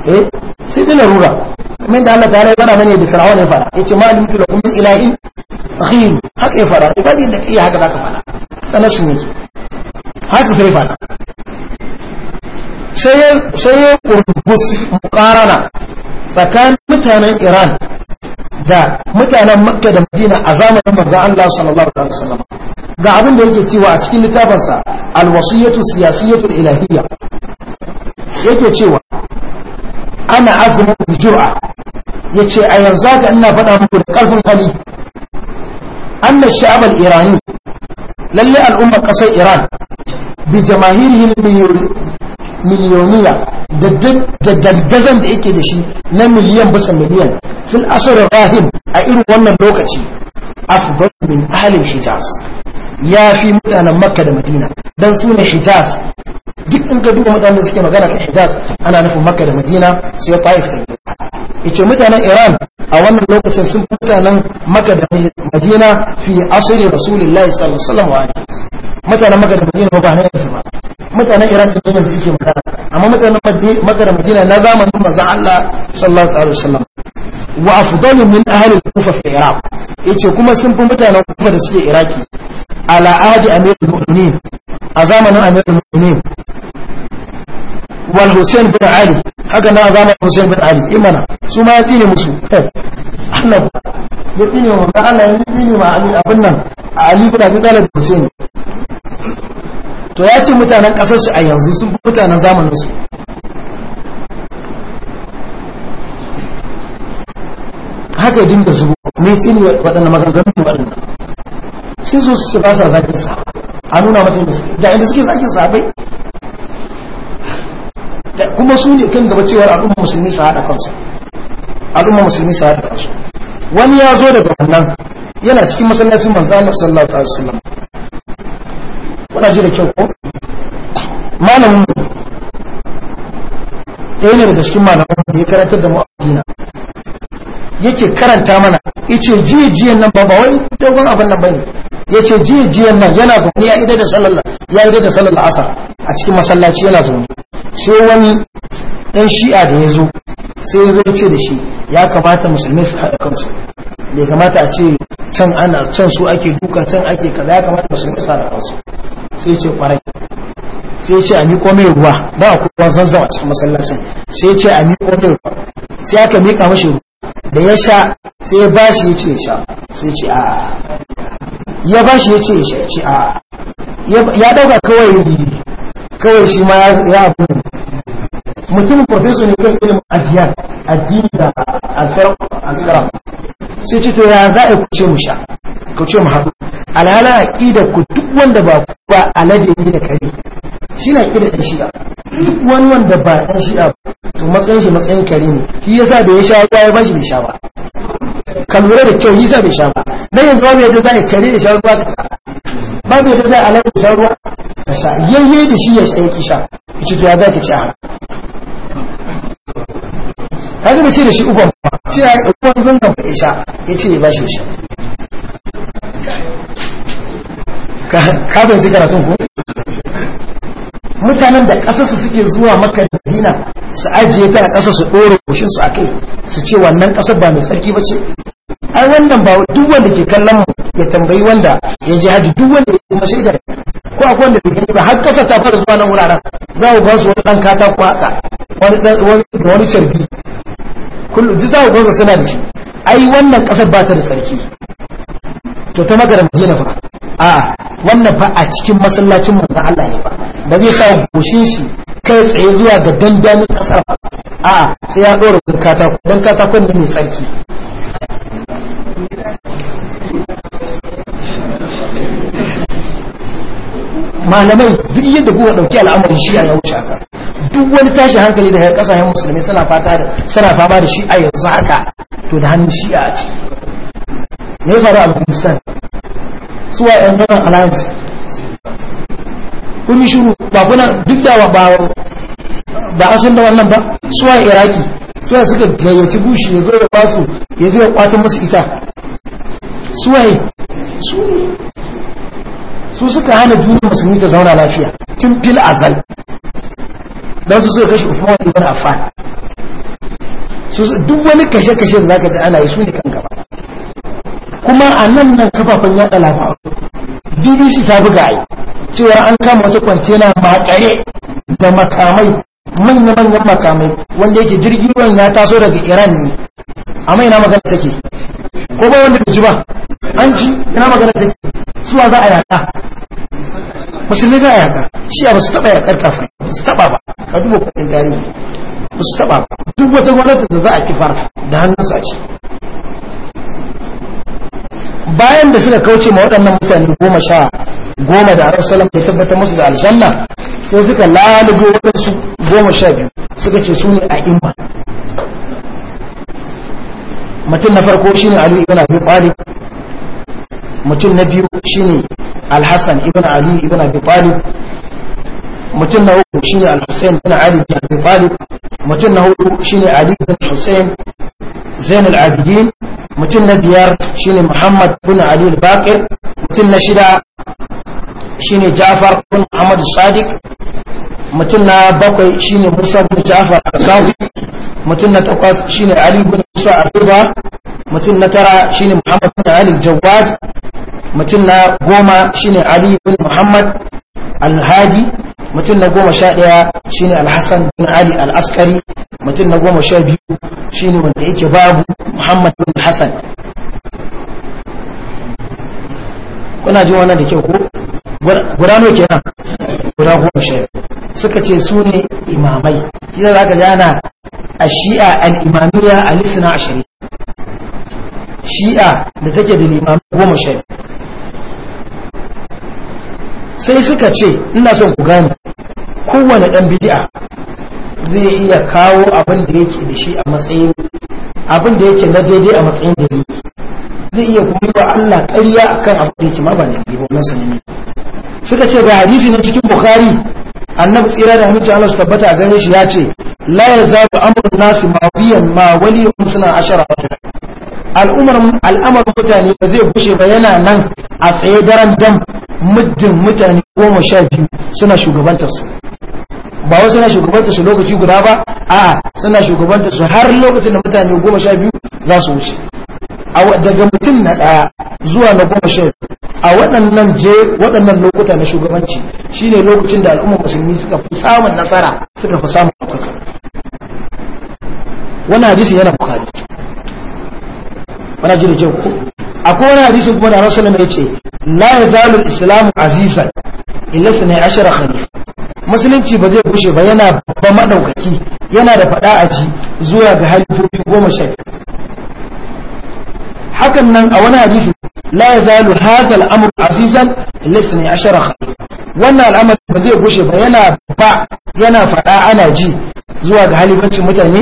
Speaker 1: إيه سيد الأولى من ده الله تعالى يبرى من يد فرعون يفرع يتي ما لم يكن لكم من إله غير هك يفرع يبالي لك إيه هكذا كفرع أنا سميك هك فرع سيد سيد قربس مقارنة tsakanin mutanen iran da mutanen makka da madina a zamanin manzo Allah sallallahu alaihi wasallam ga abin da yake cewa a cikin littafinsa alwasiyatu siyasiyatu ilahiyya yake cewa ana azumin bi jur'a yace a yanzu haka ina faɗa muku da ƙarfin hali anna sha'ab al-irani lalle al'ummar ƙasar iran bi jamahirihim miliyoniya da dandazon da yake da shi na miliyan bisa miliyan fil asirin rahim a irin wannan lokaci afdal min ahalin hijaz ya fi mutanen makka da madina don su ne hijaz duk in ka duka mutanen suke magana kan hijaz ana nufin makka da madina sai ta'if da ice mutanen iran a wannan lokacin sun mutanen makka da madina fi asirin rasulullahi sallallahu alaihi mutanen maka da madina ba na yansu ba mutanen iran da dole su ke magana amma mutanen maka da madina na zamanin maza Allah sallallahu alaihi wasallam wa afdalu min ahli kufa fi iraq yace kuma sun fi mutanen kufa da suke iraki ala ahdi amirul mu'minin a zamanin amirul mu'minin wal Hussein bin Ali haka na zama Hussein bin Ali imana su ma ya tsine musu Allah ya tsine wa manzo Allah ya tsine ma Ali abin nan Ali bin Abi da Hussein to ya ce mutanen ƙasar shi a yanzu sun fi mutanen zamanin su haka da zubo mai cin waɗanda maganganun ne waɗanda shi su su ba sa zaƙin sa a nuna masu da inda suke zaƙin sa bai kuma su ne kan gaba cewar al'umma musulmi su haɗa kansu al'umma musulmi su haɗa kansu wani ya zo daga wannan yana cikin masallacin manzo Allah sallallahu alaihi wasallam kuna ji da kyau ko malamin mu ɗaya ne daga cikin malaman da ya karanta da mu a yake karanta mana yace jijiyan nan ba wani wai dogon abin nan bane yace jijiyan nan yana zuwa ya idar da sallallahu ya idar da sallallahu asar a cikin masallaci yana zaune sai wani dan shi'a da ya zo sai ya zo ce da shi ya kamata musulmi su haɗa kansu bai kamata a ce can ana can su ake duka can ake kaza ya kamata musulmi su haɗa kansu sai ce kwarai sai ce a miƙo mai ruwa ba a kuwa zanzan a cikin masallacin sai ce a miƙo mai ruwa sai aka miƙa mashi ruwa da ya sha sai ya ba shi ya ce ya sha sai ce a ya ba shi ya ce ya ce a ya ɗauka kawai rubi kawai shi ma ya abu mutum profesor ne kan ilimin ajiyar addini da alfarar sai ce to ya za a kuce mu sha kuce mu haɗu alhala aqida ku duk wanda ba ku ba alade ne da kare shi na aqida da shi'a duk wani wanda ba dan shi'a to matsayin shi matsayin kare ne shi yasa da ya sha ruwa ya bashi bai sha ba ka lura da kyau yasa bai sha ba dan yanzu ba yadda za kare ya sha ruwa ka ba bai yadda za alade ya sha ruwa ka sha yayye da shi ya tsaya ki sha ki to ya za ki ci har kaga ci da shi uban ba shi ya uban zan ka sha yace ya bashi sha ka fahimci karatun ko mutanen da ƙasarsu suke zuwa maka dina su ajiye ta a kasar su ɗora kushin su a kai su ce wannan ƙasar ba mai tsarki ba ce ai wannan ba duk wanda ke kallon mu ya tambayi wanda ya ji haji duk wanda ya kuma shaidar ko akwai wanda bai gani ba har ƙasar ta fara zuwa nan wuraren za ku ba su wani ɗan katako haka wani wani carbi kullum duk za ku ga suna da shi ai wannan ƙasar ba ta da tsarki to ta magana madina fa. a wannan fa a cikin masallacin manzan Allah ne ba ba zai sa goshin shi kai tsaye zuwa ga dandamin kasar a sai ya dora katako dan katako ne mai tsarki malamai duk yadda kuka dauki al'amarin shi ya wuce haka duk wani tashi hankali da ya kasashen musulmi suna fata da suna fama da shi a yanzu haka to da hannun shi a ciki ne faru a afghanistan suwa yan wannan alliance kun yi shuru ba kuna duk da ba ba a sun da wannan ba suwa iraki suwa suka gayyaci bushi ya zo da basu ya zo ya kwata musu ita suwa su su suka hana duniya musulmi ta zauna lafiya tun fil azal don su suka kashe Uthman ibn Affan su duk wani kashe-kashe da zaka ji ana yi su ne kan gaba kuma a nan nan kafafen yada labaru bbc ta buga yi cewa an kama wata kwantena makare da makamai manya-manyan makamai wanda yake jirgin ruwan ya taso daga iran ne A mai na magana take ko ba wanda bai ji ba an ji ina magana take suwa za a yaka musulmi za a yaka shi a ba su taɓa yakar kafin su taɓa ba a dubo kudin tarihi ba su taɓa ba duk wata gwamnati da za a kifar da hannun sa ce bayan da suka kauce ma waɗannan mutane goma sha goma da arab salam ya tabbatar musu da aljanna sai suka lalubo waɗansu goma sha biyu suka ce su ne a imma mutum na farko shine ali ibn abi talib mutum na biyu shine al-hasan ibn ali ibn abi talib mutum na uku shine al-husayn ibn ali ibn abi talib mutum na hudu shine ali ibn husayn zain al-abidin mutum na biyar shine muhammad bin ali al-baqir mutum na shida shine jafar bin muhammad sadiq mutum na bakwai shine musa bin jafar al-safi mutum na takwas shine ali bin musa al-riba mutum na tara shine muhammad bin ali al-jawad mutum na goma shine ali bin muhammad al-hadi mutum na goma sha ɗaya shine alhassan bin ali al'askari mutum na goma sha biyu shine wanda yake babu muhammad bin hassan kuna ji wannan da kyau ko guda nawa kenan guda goma sha suka ce su ne imamai idan za ka jana a shi'a al al'imamiya a lisina ashirin shi'a da take da limamai goma sha sai suka ce ina son ku gane kowane ɗan bidi'a zai iya kawo abin da yake da shi a matsayin abin da yake na daidai a matsayin yake zai iya kuma yi wa Allah ƙarya akan abin da yake ma ba dalili ba wannan sanani suka ce ga hadisi na cikin bukhari annabi tsira da hamdu Allah su tabbata a gare shi ya ce la yazabu amrun nasu mawiyan ma waliyun suna ashara al'umar al'amar mutane ba zai bushe ba yana nan a tsaye daren dam muddin mutane goma sha biyu suna shugabantarsu ba wasu suna shugabantarsu lokaci guda ba a suna shugabantarsu har lokacin da mutane goma sha biyu za su wuce daga mutum na ɗaya zuwa na goma sha biyu a waɗannan je waɗannan lokuta na shugabanci shine lokacin da al'ummar musulmi suka fi samun nasara suka fi samun ɗaukaka wani hadisi yana bukari wani jirgin ko akwai wani hadisin kuma da rasulun ya ce la ya zalu islamu azizan illa sunai ashara khalifa musulunci ba zai bushe ba yana babba madaukaki yana da fada a ji zuwa ga halifofi goma sha hakan nan a wani hadisi la ya zalu hadha al azizan illa sunai ashara khalifa wannan al'amari ba zai bushe ba yana ba yana fada ana ji zuwa ga halifancin mutane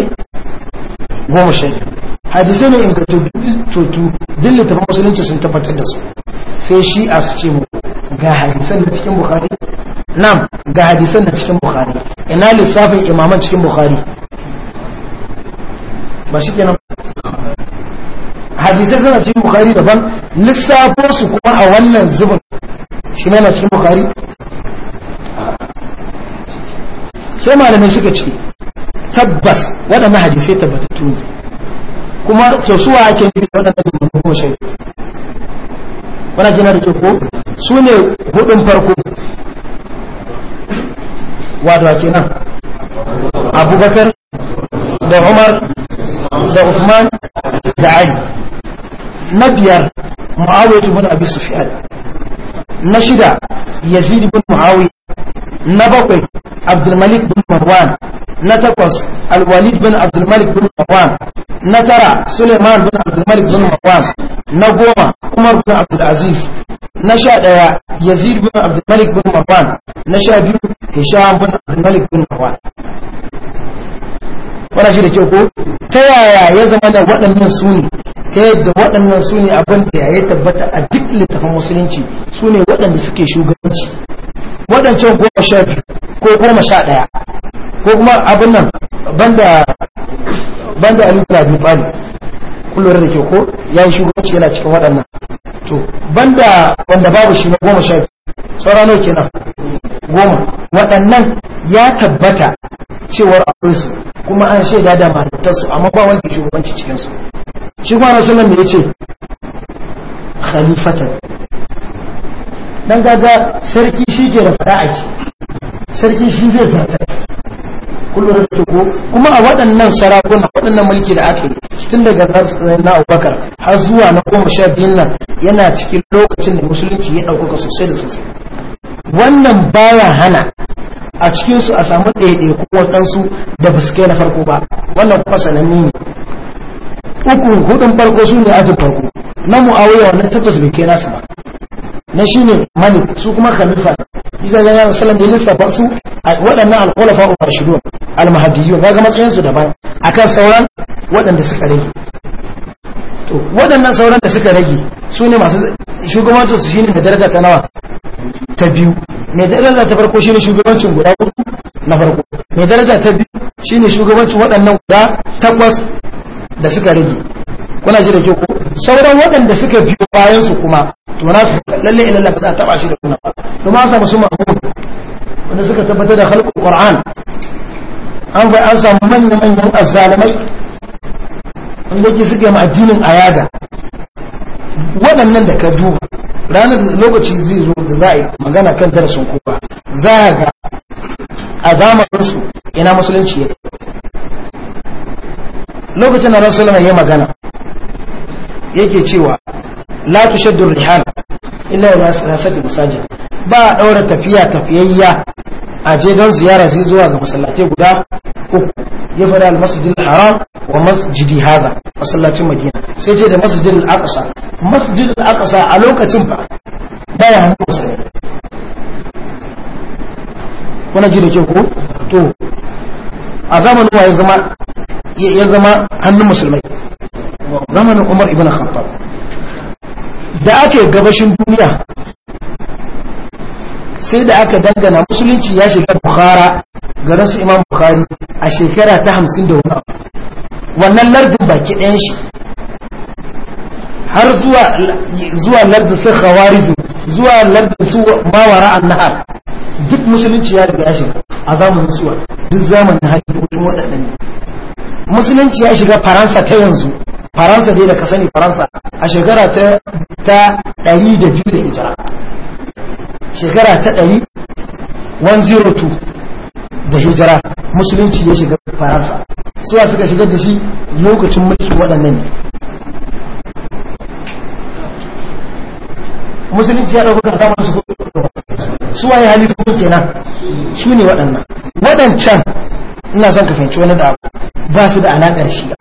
Speaker 1: goma sha hadisai ne in ingantattu duk littafin musulunci sun tabbatar da su sai shi a su ce mu ga hadisan da cikin bukhari nam ga hadisan da cikin bukhari ina lissafin imaman cikin bukhari ba shi kenan hadisai suna cikin bukhari daban lissafo su kuma a wannan zubin shi ne na cikin bukhari sai malamai suka ce tabbas waɗannan hadisai tabbatattu ne kuma to su wa ake nufi da waɗanda da goma sha wani jina da ke ko su ne hudun farko wato a kenan abubakar da umar da usman da ali na biyar mu'awiyar bin abi sufyan na shida yazid bin mu'awiyar na bakwai abdulmalik bin marwan na takwas alwalid bin abdulmalik bin marwan na tara suleiman bin abdulmalik bin marwan na goma umar bin abdulaziz na sha ɗaya yazid bin abdulmalik bin marwan na sha biyu hisham bin abdulmalik bin marwan wannan shi da kyau ko ta yaya ya zama da waɗannan su ne ta yadda waɗannan su ne abin da ya tabbata a duk littafin musulunci su ne waɗanda suke shugabanci waɗancan goma sha ko goma sha ɗaya ko kuma abin nan banda da ali bin abi talib kullum da ke ko ya yi shugabanci yana cikin waɗannan to banda wanda babu shi na goma sha saura nawa kenan goma waɗannan ya tabbata cewar akwai kuma an shaida da su amma ba wanda shugabanci cikinsu shi kuma rasulun mai ya ce khalifatan dan gaga sarki shi ke da fada a sarki shi zai zata kullum da ke ko kuma a waɗannan sarakuna waɗannan mulki da aka yi tun daga na abubakar har zuwa na goma sha biyun nan yana cikin lokacin da musulunci ya ɗaukaka sosai da sosai wannan baya hana a cikinsu a samu ɗaiɗai ko waɗansu da ba su kai na farko ba wannan kuma sananni ne uku hudun farko su ne ajin farko na mu'awiya na tabbas bai kai nasu ba na shi ne mani su kuma khalifa isa ya yana salam da lissafa su waɗannan alkulafa a farshidun almahadiyyu ga ga matsayinsu daban akan sauran waɗanda suka rage to waɗannan sauran da suka rage su ne masu shugabancin su ne da daraja ta nawa ta biyu mai daraja ta farko shi ne shugabancin guda uku na farko mai daraja ta biyu shi ne shugabancin waɗannan guda takwas da suka rage kuna ji da kyau ko sauran waɗanda suka biyo bayansu kuma to lalle ila Allah ba za a taba shi da wannan ba to ma samu su mahmud wanda suka tabbatar da khalqul qur'an an ga an samu manyan manyan azzalimai wanda ke suke ma addinin ayada waɗannan da ka duba ranar lokaci zai zo da za a yi magana kan darasin kowa za a ga a zamaninsu ina musulunci ya lokacin da rasulun ya magana yake cewa la tushaddu rihal illa ila masajid ba daura tafiya tafiyayya a je don ziyara sai zuwa ga masallatai guda uku ya al-masjidil haram wa masjidi hadha masallacin madina sai ce da masjidil aqsa masjidil aqsa a lokacin ba ji da ko to a zamanin wa ya zama hannun musulmai zamanin umar ibn khattab da ake gabashin duniya sai da aka dangana musulunci ya shiga bukhara garin su imam bukhari a shekara ta hamsin da wani wannan lardin baki ɗayan shi har zuwa lardin su khawarizm zuwa lardin su mawara an nahar duk musulunci ya riga ya shiga a zamanin suwa duk zamanin hajji waɗannan musulunci ya shiga faransa ta yanzu faransa dai da ka sani faransa a shekara ta ta 102 da hijira shekara ta 100 102 da hijira musulunci ya shiga faransa suwa suka shigar da shi lokacin mulki waɗannan ne musulunci ya ta damar su suwa ya halittu kenan su ne waɗannan waɗancan ina son ka fahimci wani da ba su da alaƙar shiga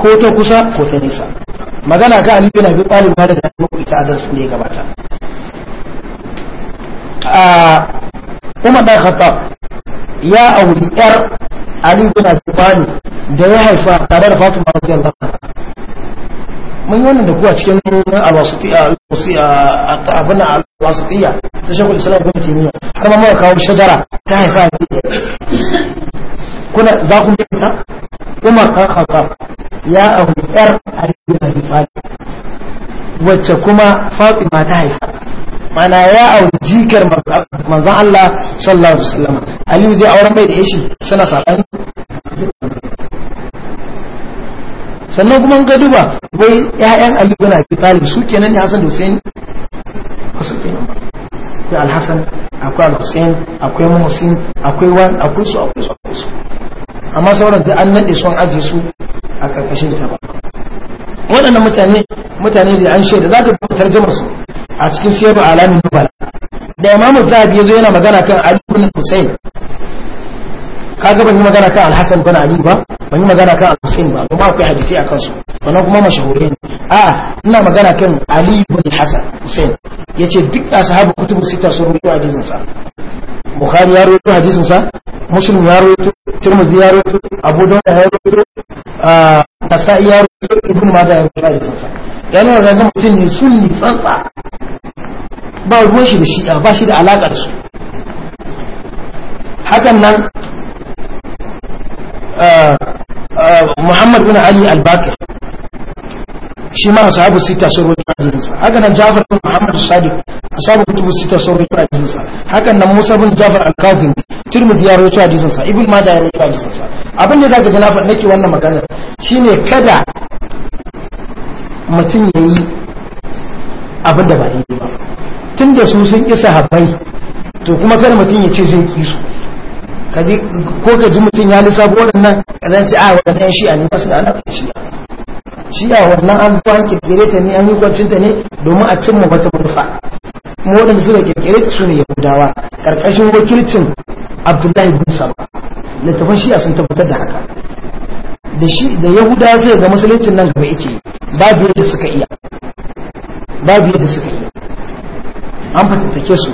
Speaker 1: ko ta kusa ko ta nisa magana ta alibi na bi ɓalin ba da da muku ita a darsu ne gabata umar ɗan khattab ya auri ƴar alibi na bi ɓalin da ya haifa tare da fatima radiyallahu anha mun yi wannan da kuwa cikin a abin alwasitiya ta shakul islam kuma kimiyya har ma muka kawo shajara ta haifa a kuna za ku bi ta umar ɗan khattab ya auri yar aliyu na hifali wacce kuma fatima ta haifa mana ya auri jikar manzan Allah sallallahu alaihi wasallam aliyu zai auren mai da yashi suna saɓani sannan kuma ga duba wai ƴaƴan aliyu na hifali su kenan ne hasan da hussein da alhassan akwai al-hussein akwai muhsin akwai wani akwai su akwai su akwai su amma sauran da an nade sun ajiye su a karkashin ta ba waɗannan mutane mutane da an shaida zaka ga tarjumar su a cikin siyarwa alamin nubala da imamu zahabi yazo yana magana kan ali Hussein? husayn kaga ban yi magana kan Alhassan bin ali ba ban yi magana kan al ba kuma akwai hadisi a kansu. wannan kuma mashahuri ne a ina magana kan ali Hassan. hasan husayn yace duk ashabu kutubu sita sun rubuta hadisin bukhari ya rubuta hadisin sa muslim ya rawaito tirmidhi ya rawaito abu dawud ya rawaito nasa'i ya rawaito ibn majah ya rawaito da sansa ya nuna ga mutum ne sunni tsantsa ba ruwan shi da shi'a ba shi da alaƙa da su hakan nan Muhammad bin Ali al-Bakir shi ma ashabu sita sun rawaito hadisin sa haka nan Jafar bin Muhammad Sadiq ashabu kutubu sita sun rawaito hadisin sa haka nan Musa bin Jafar al-Kazim Tirmidhi ya rawaito hadisin sa Ibn Majah ya rawaito hadisin sa abin da zaka ga na faɗa nake wannan magana shine kada mutum yayi abin da ba daidai ba tunda su sun isa habai to kuma kada mutum ya ce zai kisu ko ka ji mutum ya lissafo waɗannan ka zan ce a ah, waɗannan a ne masu da da alaƙa shi. shi a wannan an zuwa an kirkire ta ne an yi kwancinta ne domin a cimma wata murfa. kuma waɗanda suka kirkire su ne yahudawa ƙarƙashin wakilcin abdullahi bin saba shi shi'a sun tabbatar da haka da shi da yahudawa sai ga musuluncin nan gaba yake babu yadda suka iya babu yadda suka iya an fatattake su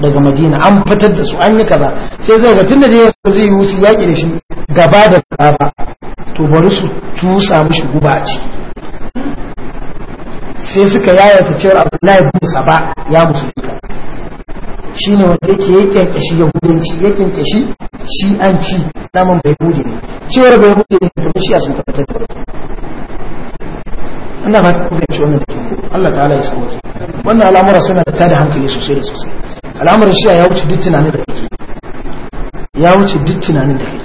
Speaker 1: daga madina an fitar da su an yi kaza sai zai ga tun da zai yi wasu yaƙi da shi gaba da gaba to bari su cusa mishi guba a ciki sai suka yayata cewar abdullahi bin saba ya duka. shi ne wanda yake ya kyankyashi yahudanci ya kyankyashi shi an ci naman bai hude ne cewar bai hude ne da shi a sun ta da wannan ba ku kuka wannan da ke Allah ta'ala ya wannan al'amura suna da tada hankali sosai da sosai al'amuran shi ya wuce duk tunanin da kake ya wuce duk tunanin da kake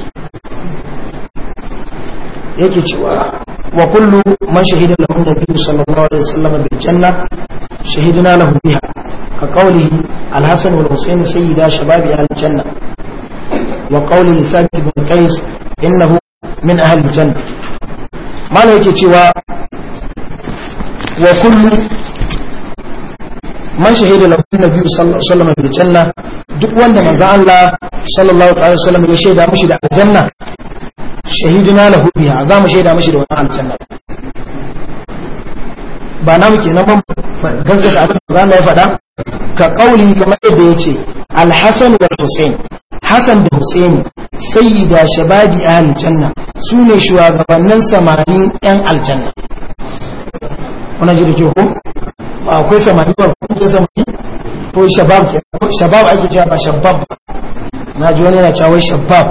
Speaker 1: yake cewa wa kullu man shahida lahu nabiyyu sallallahu alaihi wasallam bil janna shahidna lahu biha ka qawlihi al hasan wal husayn sayyida shababi al janna wa qawli thabit bin qais innahu min ahli al janna mala yake cewa wa kullu man shahida lahu nabiyyu sallallahu alaihi wasallam bil janna duk wanda manzo Allah sallallahu alaihi wasallam ya shaida mushi da aljanna Shahidu na lahu biya za mu shaida mashi da wani aljanna ba na muke kenan ban gazzata abin mu yi faɗa ka kaulin kamar yadda yace al-hasan wal husain hasan da husain sayyida shababi aljanna su ne shugabannin samani yan aljanna wannan ji ke ko akwai samari ba ko samari ko shabab ko shabab ake cewa ba shabab na ji wani yana cewa shabab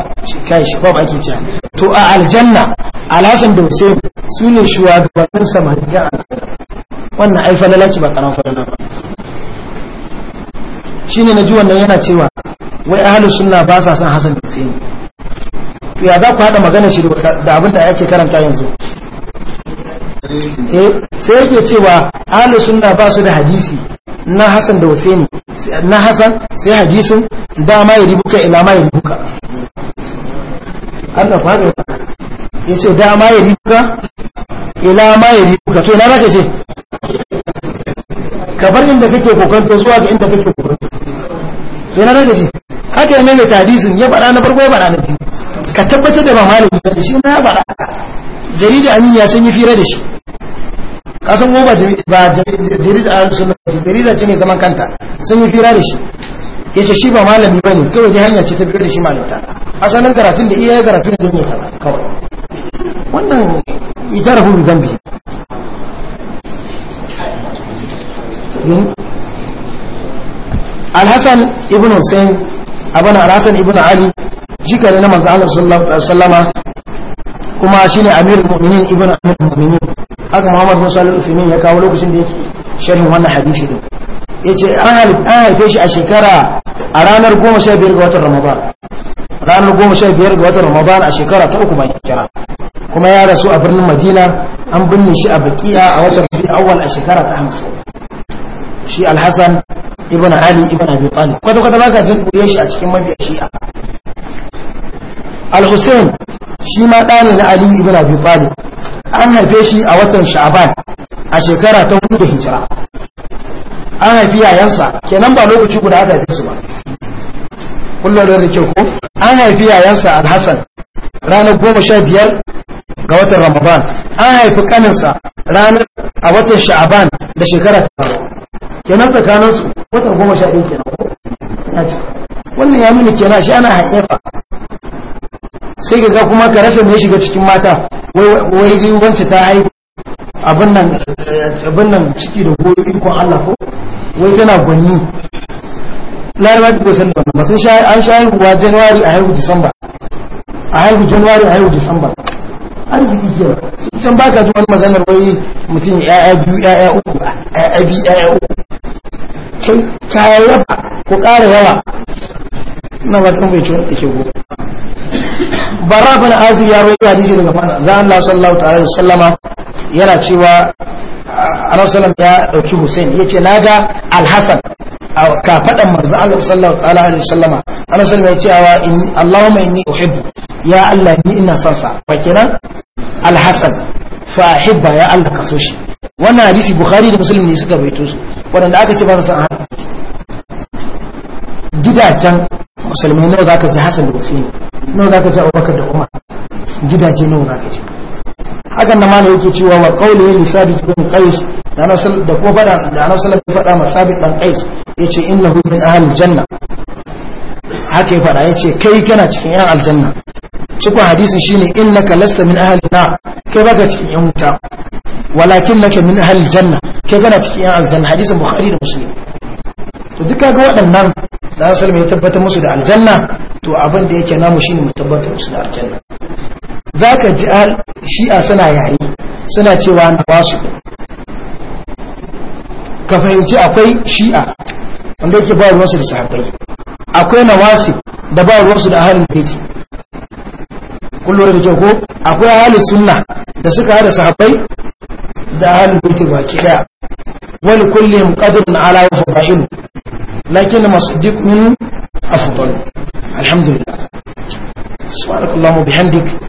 Speaker 1: kai shabab ake cewa to a aljanna alhassan da hussein su ne shugabannin samaniya a wannan ai falala laci ba karan falala ba ne na ji wannan yana cewa wai ahlus sunna ba sa son hasan da hussein ya za ku haɗa magana shi da abin da ake karanta yanzu eh, sai yake cewa ahlus sunna ba su da hadisi na hasan da hussein na hasan sai hadisin dama ya ribuka ila ma ya ribuka Allah fa ya ce dama ya ribuka ila ma ya ribuka to ina za ka ce ka bar inda kake kokonto zuwa ga inda kake kokonto to ina za ka ce haka ne maimaita tadisin ya faɗa na farko ya faɗa na biyu ka tabbatar da ba malami ba shi ma ya faɗa jarida amin ya san yi fira da shi kasan ko ba jarida a sunna jarida ce ne zaman kanta sun yi fira da shi ya ce shi ba malami ba ne kawai dai hanya ce ta biyar da shi malinta asalin karatun da iya ya karatu da don kawai wannan ita rahu zambi hmm? alhassan ibn hussein abin alhassan ibn ali jika ne na manzo Allah sallallahu kuma shine amirul mu'minin ibn amirul mu'minin haka muhammad musa al-uthman ya kawo lokacin da yake sharhin wannan hadisi din ya ce an haife shi a shekara a ranar 15 ga watan ramadan ranar 15 ga watan ramadan a shekara ta uku bayan kira kuma ya rasu a birnin madina an binne shi a bakiya a watan rabi awal a shekara ta hamsin shi alhassan ibn ali ibn abi talib kwata kwata baka jin kuriya shi a cikin mabiya shi'a al-hussein shi ma ɗani na ali ibn abi talib an haife shi a watan sha'ban a shekara ta hudu da hijira an haifi yayansa kenan ba lokaci guda aka haife su ba kullum da rike ko an haifi yayansa alhassan ranar goma sha biyar ga watan ramadan an haifi kaninsa ranar a watan sha'aban da shekara ta faru kenan tsakaninsu watan goma sha ɗaya kenan ko wannan ya nuna kenan shi ana fa. sai ga kuma ka rasa mai shiga cikin mata wai wancan ta haihu abin nan ciki da goyo ikon Allah ko wai tana gwanyi larabar da wasan da masu an sha haihuwa januwari a haihu disamba a haihu januwari a haihu disamba arziki kewa can ba ka ji wani maganar wai mutum ya biyu ya uku bi ya ya uku kai kayan yaba ko ƙara yawa na ba tambayi ciwon da ke gobe bara bin azir ya rai hadisi daga manzo Allah sallallahu ta'ala da Sallama yana cewa annabi ya dauki Hussein ya naga al-Hasan ka fadan manzo Allah sallallahu alaihi wasallama annabi ya ce wa in Allahumma inni uhibbu ya Allah ni ina son sa fa kenan al-Hasan fa Hibba ya Allah ka so shi wannan hadisi Bukhari da Muslim ne suka baito su wanda aka ce ba san gidajen musulmai nawa zaka ji Hassan da Hussein nawa zaka ji Abubakar da Umar gidaje nawa zaka ji hakan nan mana yake cewa wa qawli li sabit bin qais da nasal da ko fada da nasal bin fada ma sabit bin qais yace innahu min ahli janna haka ya fada yace kai kana cikin yan aljanna cikin hadisin shine innaka lasta min ahli na kai baka cikin yan wuta walakin laka min ahli janna kai kana cikin yan aljanna hadisin bukhari da muslim to duk kaga waɗannan da na nasal ya tabbatar musu da aljanna to abin da yake namu shine mu tabbatar musu da aljanna za ka ji shi'a suna yare suna cewa na basu ka fahimci akwai shi'a wanda yake ba ruwansu da sahabbai akwai na wasu da ba ruwansu da ahalin baiti kullum da ko akwai ahalin sunna da suka hada sahabbai da ahalin baiti baki daya wani kullum qadrun ala wa fada'ilu lakin masaddiq min afdal alhamdulillah subhanakallahumma bihamdika